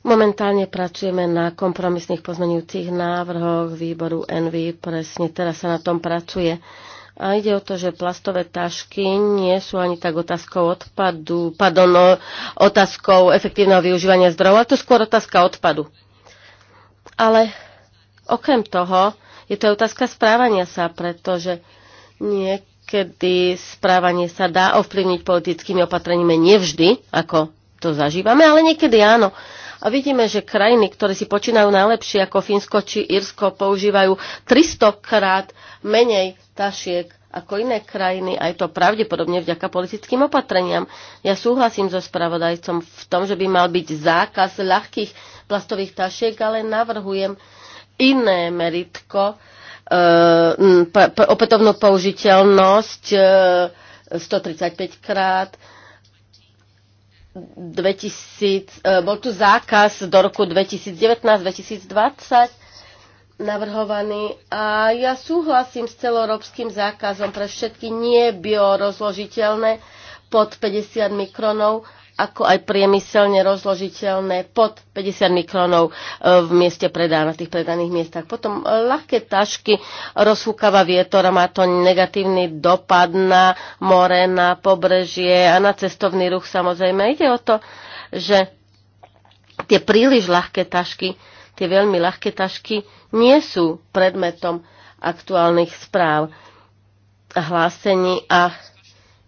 Momentálne pracujeme na kompromisných pozmenujúcich návrhoch výboru NV. Presne teraz sa na tom pracuje. A ide o to, že plastové tašky nie sú ani tak otázkou odpadu, pardon, no, otázkou efektívneho využívania zdrojov, ale to je skôr otázka odpadu. Ale okrem toho je to otázka správania sa, pretože niekedy správanie sa dá ovplyvniť politickými opatreniami, nevždy, ako to zažívame, ale niekedy áno. A vidíme, že krajiny, ktoré si počínajú najlepšie ako Fínsko či Írsko, používajú 300 krát menej tašiek ako iné krajiny, aj to pravdepodobne vďaka politickým opatreniam. Ja súhlasím so spravodajcom v tom, že by mal byť zákaz ľahkých plastových tašiek, ale navrhujem iné meritko, e, opätovnú použiteľnosť e, 135 krát, 2000, e, bol tu zákaz do roku 2019-2020 navrhovaný a ja súhlasím s celoeurópskym zákazom pre všetky nie biorozložiteľné pod 50 mikronov ako aj priemyselne rozložiteľné pod 50 mikronov e, v mieste predána, na tých predaných miestach. Potom e, ľahké tašky rozfúkava vietor a má to negatívny dopad na more, na pobrežie a na cestovný ruch samozrejme. Ide o to, že tie príliš ľahké tašky, tie veľmi ľahké tašky nie sú predmetom aktuálnych správ a hlásení a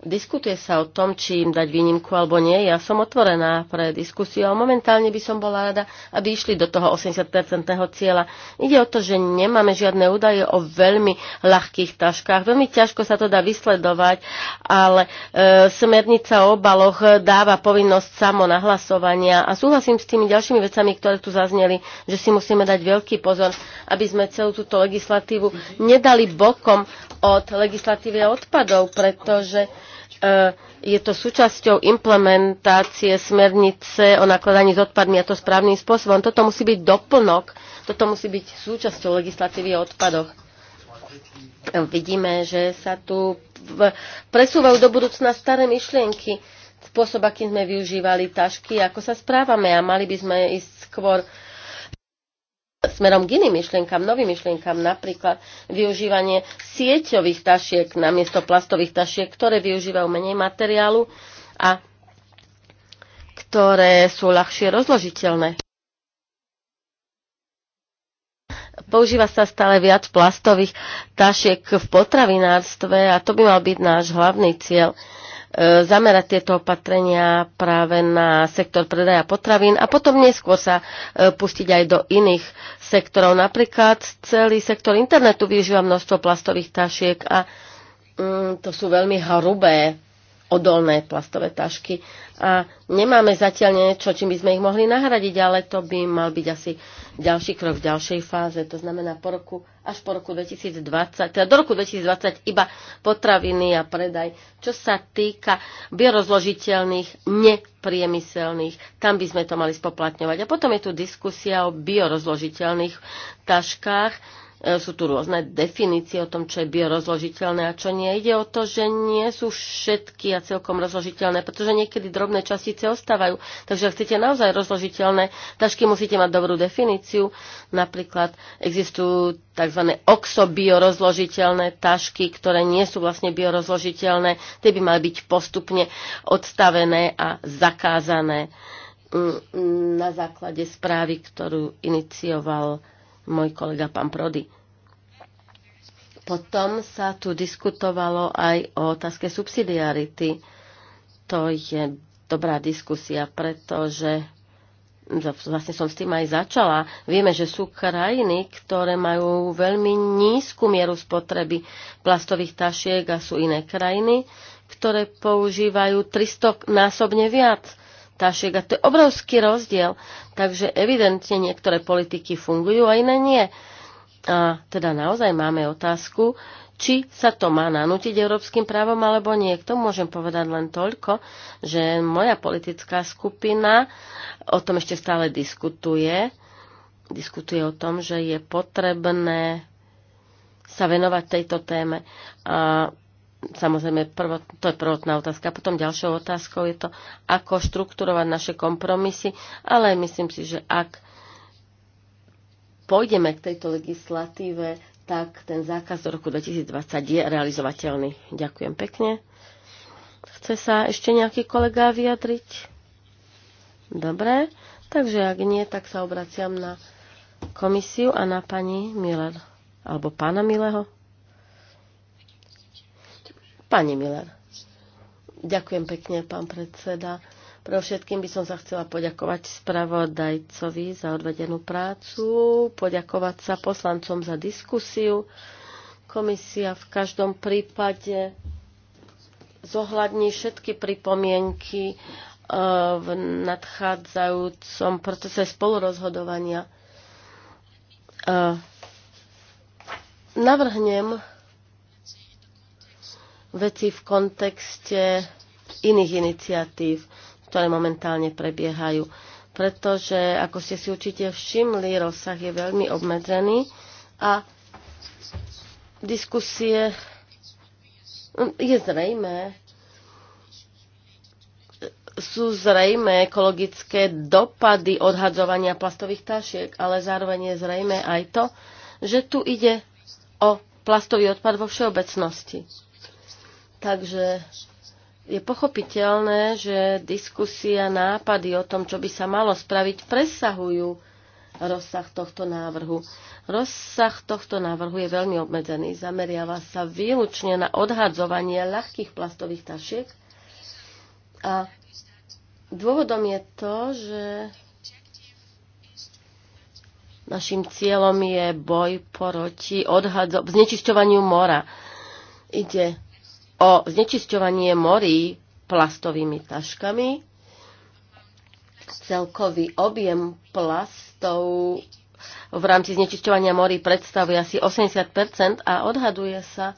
Diskutuje sa o tom, či im dať výnimku alebo nie. Ja som otvorená pre diskusiu a momentálne by som bola rada, aby išli do toho 80-percentného cieľa. Ide o to, že nemáme žiadne údaje o veľmi ľahkých taškách. Veľmi ťažko sa to dá vysledovať, ale e, smernica o obaloch dáva povinnosť samo nahlasovania a súhlasím s tými ďalšími vecami, ktoré tu zazneli, že si musíme dať veľký pozor, aby sme celú túto legislatívu nedali bokom od legislatívy odpadov, pretože E, je to súčasťou implementácie smernice o nakladaní s odpadmi a to správnym spôsobom. Toto musí byť doplnok, toto musí byť súčasťou legislatívy o odpadoch. E, vidíme, že sa tu presúvajú do budúcna staré myšlienky, spôsob, akým sme využívali tašky, ako sa správame a mali by sme ísť skôr smerom k iným myšlienkam, novým myšlienkam, napríklad využívanie sieťových tašiek namiesto plastových tašiek, ktoré využívajú menej materiálu a ktoré sú ľahšie rozložiteľné. Používa sa stále viac plastových tašiek v potravinárstve a to by mal byť náš hlavný cieľ. E, zamerať tieto opatrenia práve na sektor predaja potravín a potom neskôr sa e, pustiť aj do iných sektorov. Napríklad celý sektor internetu využíva množstvo plastových tašiek a mm, to sú veľmi hrubé odolné plastové tašky. A nemáme zatiaľ niečo, čím by sme ich mohli nahradiť, ale to by mal byť asi ďalší krok v ďalšej fáze. To znamená, po roku až po roku 2020, teda do roku 2020 iba potraviny a predaj. Čo sa týka biorozložiteľných, nepriemyselných, tam by sme to mali spoplatňovať. A potom je tu diskusia o biorozložiteľných taškách E, sú tu rôzne definície o tom, čo je biorozložiteľné a čo nie. Ide o to, že nie sú všetky a celkom rozložiteľné, pretože niekedy drobné častice ostávajú. Takže ak chcete naozaj rozložiteľné tašky, musíte mať dobrú definíciu. Napríklad existujú tzv. oxobiorozložiteľné tašky, ktoré nie sú vlastne biorozložiteľné, tie by mali byť postupne odstavené a zakázané mm, na základe správy, ktorú inicioval môj kolega pán Prody. Potom sa tu diskutovalo aj o otázke subsidiarity. To je dobrá diskusia, pretože vlastne som s tým aj začala. Vieme, že sú krajiny, ktoré majú veľmi nízku mieru spotreby plastových tašiek a sú iné krajiny, ktoré používajú 300 násobne viac tašiek. A to je obrovský rozdiel. Takže evidentne niektoré politiky fungujú a iné nie. A teda naozaj máme otázku, či sa to má nanútiť európskym právom alebo nie. K tomu môžem povedať len toľko, že moja politická skupina o tom ešte stále diskutuje. Diskutuje o tom, že je potrebné sa venovať tejto téme. A Samozrejme, prvo, to je prvotná otázka. Potom ďalšou otázkou je to, ako štrukturovať naše kompromisy, ale myslím si, že ak pôjdeme k tejto legislatíve, tak ten zákaz do roku 2020 je realizovateľný. Ďakujem pekne. Chce sa ešte nejaký kolega vyjadriť? Dobre, takže ak nie, tak sa obraciam na komisiu a na pani Miller, alebo pána Mileho. Pani Miller. Ďakujem pekne, pán predseda. Pre všetkým by som sa chcela poďakovať spravodajcovi za odvedenú prácu, poďakovať sa poslancom za diskusiu. Komisia v každom prípade zohľadní všetky pripomienky e, v nadchádzajúcom procese spolurozhodovania. E, navrhnem veci v kontexte iných iniciatív, ktoré momentálne prebiehajú. Pretože, ako ste si určite všimli, rozsah je veľmi obmedzený a diskusie hm, je zrejmé, sú zrejmé ekologické dopady odhadzovania plastových tašiek, ale zároveň je zrejmé aj to, že tu ide o plastový odpad vo všeobecnosti Takže je pochopiteľné, že diskusia, nápady o tom, čo by sa malo spraviť, presahujú rozsah tohto návrhu. Rozsah tohto návrhu je veľmi obmedzený. Zameriava sa výlučne na odhadzovanie ľahkých plastových tašiek. A dôvodom je to, že našim cieľom je boj proti znečisťovaniu mora. Ide o znečisťovanie morí plastovými taškami. Celkový objem plastov v rámci znečisťovania morí predstavuje asi 80 a odhaduje sa,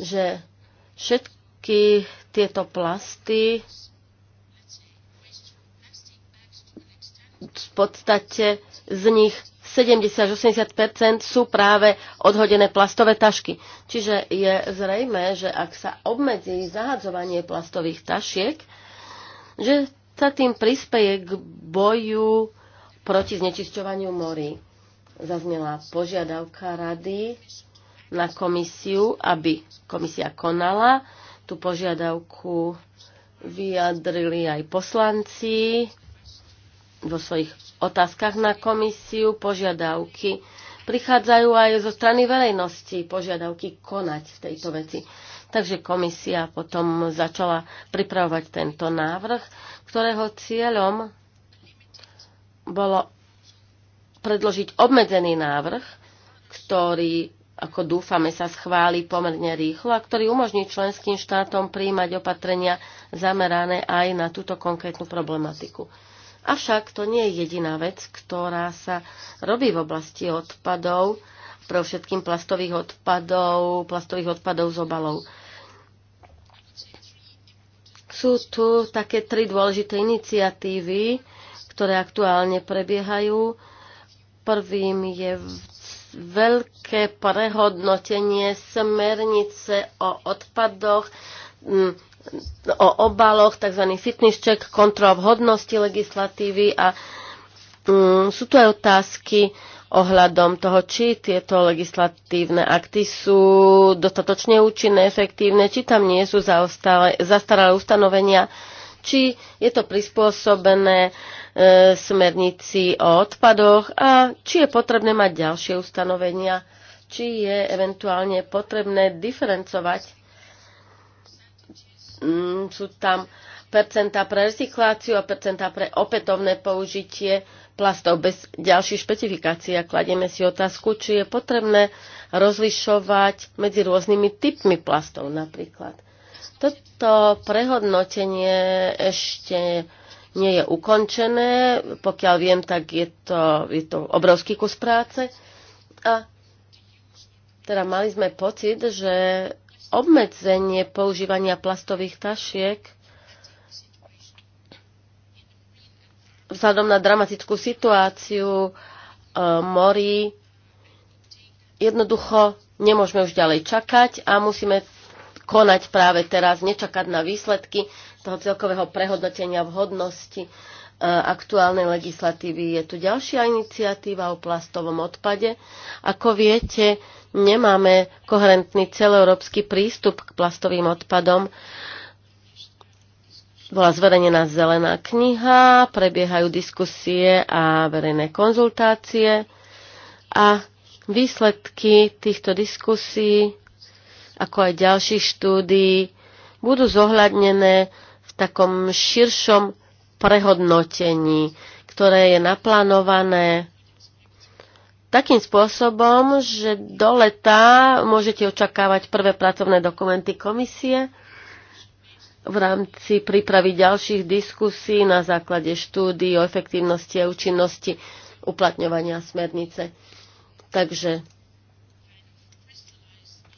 že všetky tieto plasty v podstate z nich 70-80 sú práve odhodené plastové tašky. Čiže je zrejme, že ak sa obmedzí zahadzovanie plastových tašiek, že sa tým prispeje k boju proti znečisťovaniu morí. Zaznela požiadavka rady na komisiu, aby komisia konala. Tú požiadavku vyjadrili aj poslanci vo svojich otázkach na komisiu požiadavky. Prichádzajú aj zo strany verejnosti požiadavky konať v tejto veci. Takže komisia potom začala pripravovať tento návrh, ktorého cieľom bolo predložiť obmedzený návrh, ktorý, ako dúfame, sa schváli pomerne rýchlo a ktorý umožní členským štátom príjmať opatrenia zamerané aj na túto konkrétnu problematiku. Avšak to nie je jediná vec, ktorá sa robí v oblasti odpadov, pre všetkým plastových odpadov, plastových odpadov z obalov. Sú tu také tri dôležité iniciatívy, ktoré aktuálne prebiehajú. Prvým je veľké prehodnotenie smernice o odpadoch mm, o obaloch, tzv. fitness check, kontrol vhodnosti legislatívy a um, sú tu aj otázky ohľadom toho, či tieto legislatívne akty sú dostatočne účinné, efektívne, či tam nie sú zaostale, zastaralé ustanovenia, či je to prispôsobené e, smernici o odpadoch a či je potrebné mať ďalšie ustanovenia, či je eventuálne potrebné diferencovať Mm, sú tam percentá pre recykláciu a percentá pre opätovné použitie plastov bez ďalších špecifikácií. A kladieme si otázku, či je potrebné rozlišovať medzi rôznymi typmi plastov napríklad. Toto prehodnotenie ešte nie je ukončené. Pokiaľ viem, tak je to, je to obrovský kus práce. A teda mali sme pocit, že obmedzenie používania plastových tašiek vzhľadom na dramatickú situáciu e, morí. Jednoducho nemôžeme už ďalej čakať a musíme konať práve teraz, nečakať na výsledky toho celkového prehodnotenia vhodnosti aktuálnej legislatívy. Je tu ďalšia iniciatíva o plastovom odpade. Ako viete, nemáme koherentný celoeurópsky prístup k plastovým odpadom. Bola zverejnená zelená kniha, prebiehajú diskusie a verejné konzultácie a výsledky týchto diskusí, ako aj ďalších štúdií, budú zohľadnené v takom širšom prehodnotení, ktoré je naplánované takým spôsobom, že do leta môžete očakávať prvé pracovné dokumenty komisie v rámci prípravy ďalších diskusí na základe štúdií o efektívnosti a účinnosti uplatňovania smernice. Takže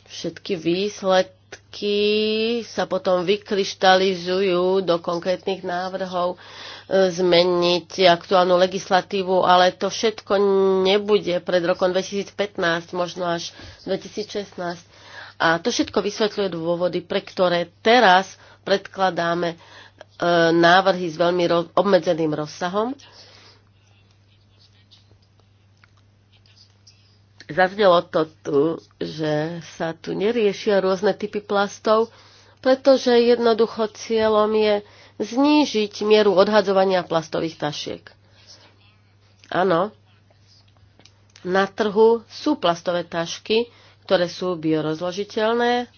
všetky výsledky výsledky sa potom vykryštalizujú do konkrétnych návrhov e, zmeniť aktuálnu legislatívu, ale to všetko nebude pred rokom 2015, možno až 2016. A to všetko vysvetľuje dôvody, pre ktoré teraz predkladáme e, návrhy s veľmi obmedzeným rozsahom Zaznelo to tu, že sa tu neriešia rôzne typy plastov, pretože jednoducho cieľom je znížiť mieru odhadzovania plastových tašiek. Áno, na trhu sú plastové tašky, ktoré sú biorozložiteľné,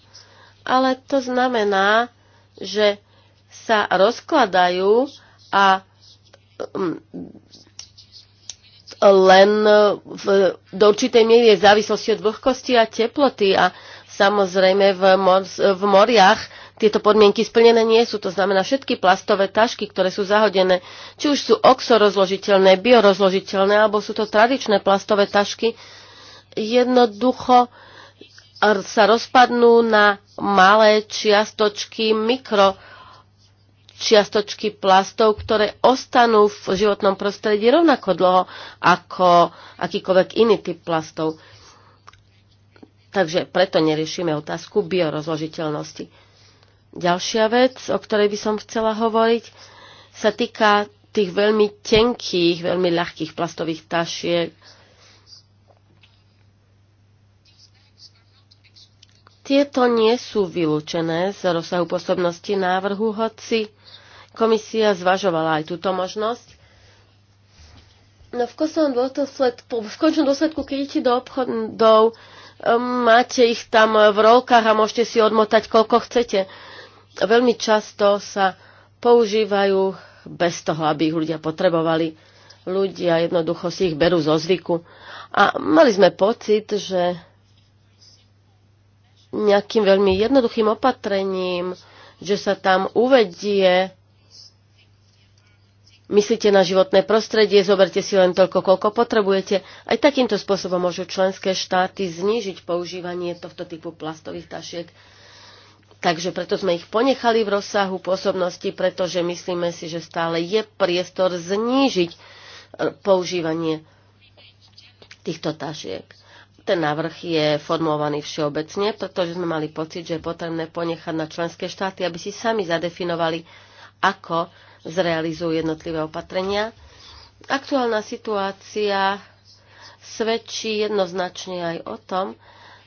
ale to znamená, že sa rozkladajú a mm, len e, v, do určitej miery je v závislosti od vlhkosti a teploty a samozrejme v, mor, v moriach tieto podmienky splnené nie sú. To znamená, všetky plastové tašky, ktoré sú zahodené, či už sú oxorozložiteľné, biorozložiteľné, alebo sú to tradičné plastové tašky, jednoducho sa rozpadnú na malé čiastočky mikro čiastočky plastov, ktoré ostanú v životnom prostredí rovnako dlho ako akýkoľvek iný typ plastov. Takže preto neriešime otázku biorozložiteľnosti. Ďalšia vec, o ktorej by som chcela hovoriť, sa týka tých veľmi tenkých, veľmi ľahkých plastových tašiek. Tieto nie sú vylúčené z rozsahu pôsobnosti návrhu, hoci Komisia zvažovala aj túto možnosť. No v končnom dôsledku, v končnom dôsledku keď idete do obchodov, um, máte ich tam v rolkách a môžete si odmotať, koľko chcete. Veľmi často sa používajú bez toho, aby ich ľudia potrebovali. Ľudia jednoducho si ich berú zo zvyku. A mali sme pocit, že nejakým veľmi jednoduchým opatrením, že sa tam uvedie Myslíte na životné prostredie, zoberte si len toľko, koľko potrebujete. Aj takýmto spôsobom môžu členské štáty znížiť používanie tohto typu plastových tašiek. Takže preto sme ich ponechali v rozsahu pôsobnosti, pretože myslíme si, že stále je priestor znížiť e, používanie týchto tašiek. Ten návrh je formovaný všeobecne, pretože sme mali pocit, že je potrebné ponechať na členské štáty, aby si sami zadefinovali, ako zrealizujú jednotlivé opatrenia. Aktuálna situácia svedčí jednoznačne aj o tom,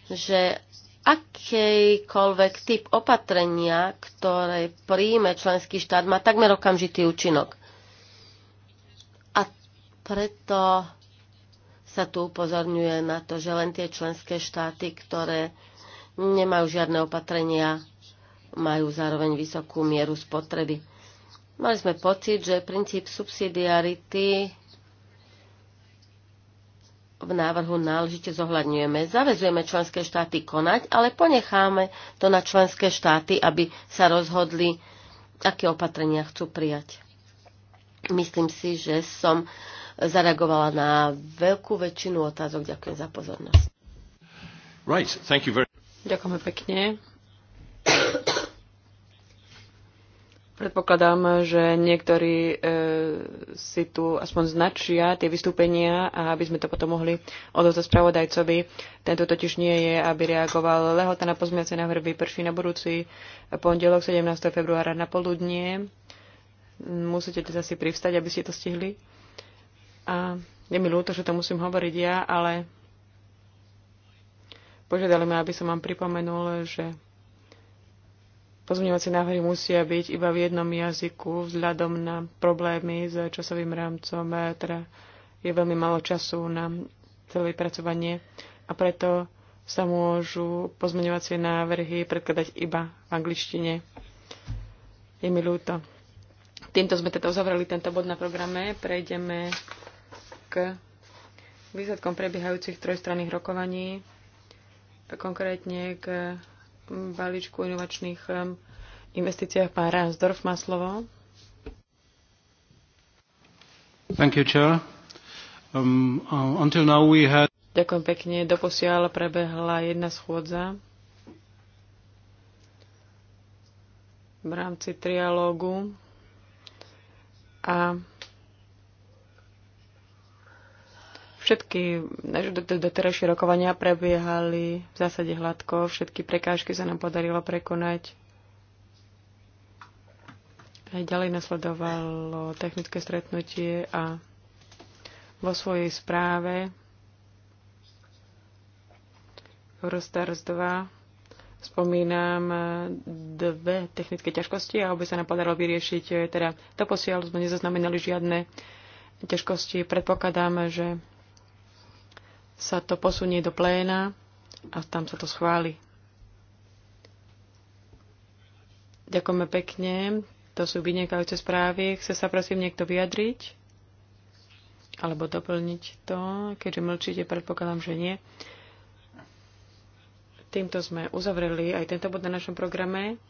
že akýkoľvek typ opatrenia, ktoré príjme členský štát, má takmer okamžitý účinok. A preto sa tu upozorňuje na to, že len tie členské štáty, ktoré nemajú žiadne opatrenia, majú zároveň vysokú mieru spotreby. Mali sme pocit, že princíp subsidiarity v návrhu náležite zohľadňujeme. Zavezujeme členské štáty konať, ale ponecháme to na členské štáty, aby sa rozhodli, aké opatrenia chcú prijať. Myslím si, že som zareagovala na veľkú väčšinu otázok. Ďakujem za pozornosť. Right, thank you very... Ďakujeme pekne. Predpokladám, že niektorí e, si tu aspoň značia tie vystúpenia, a aby sme to potom mohli odovzdať spravodajcovi. Tento totiž nie je, aby reagoval lehota na pozmiace hrby prší na budúci pondelok 17. februára na poludnie. Musíte teda si privstať, aby ste to stihli. A je mi ľúto, že to musím hovoriť ja, ale požiadali ma, aby som vám pripomenul, že Pozmeňovacie návrhy musia byť iba v jednom jazyku vzhľadom na problémy s časovým rámcom, e, teda je veľmi malo času na celé pracovanie a preto sa môžu pozmeňovacie návrhy predkladať iba v angličtine. Je mi ľúto. Týmto sme teda uzavreli tento bod na programe. Prejdeme k výsledkom prebiehajúcich trojstranných rokovaní, konkrétne k balíčku inovačných investíciách. Pán Ransdorf má slovo. Thank you, Chair. Um, uh, until now we had... Ďakujem pekne. Doposiaľ prebehla jedna schôdza v rámci trialógu a Všetky doterajšie rokovania prebiehali v zásade hladko, všetky prekážky sa nám podarilo prekonať. Aj ďalej nasledovalo technické stretnutie a vo svojej správe Eurostars 2 spomínam dve technické ťažkosti a obe sa nám podarilo vyriešiť. Eh, teda to posiaľ sme nezaznamenali žiadne ťažkosti. Predpokladám, že sa to posunie do pléna a tam sa to schváli. Ďakujeme pekne. To sú vynikajúce správy. Chce sa prosím niekto vyjadriť? Alebo doplniť to? Keďže mlčíte, predpokladám, že nie. Týmto sme uzavreli aj tento bod na našom programe.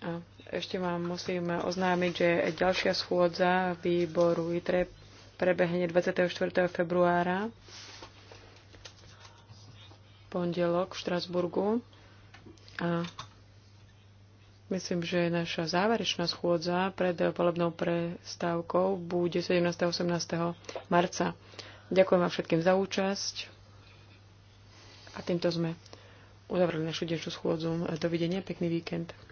A ešte vám musím oznámiť, že ďalšia schôdza výboru ITREP prebehne 24. februára, pondelok v Štrasburgu. A myslím, že naša záverečná schôdza pred volebnou prestávkou bude 17. 18. marca. Ďakujem vám všetkým za účasť a týmto sme uzavreli našu dnešnú schôdzu. Dovidenia, pekný víkend.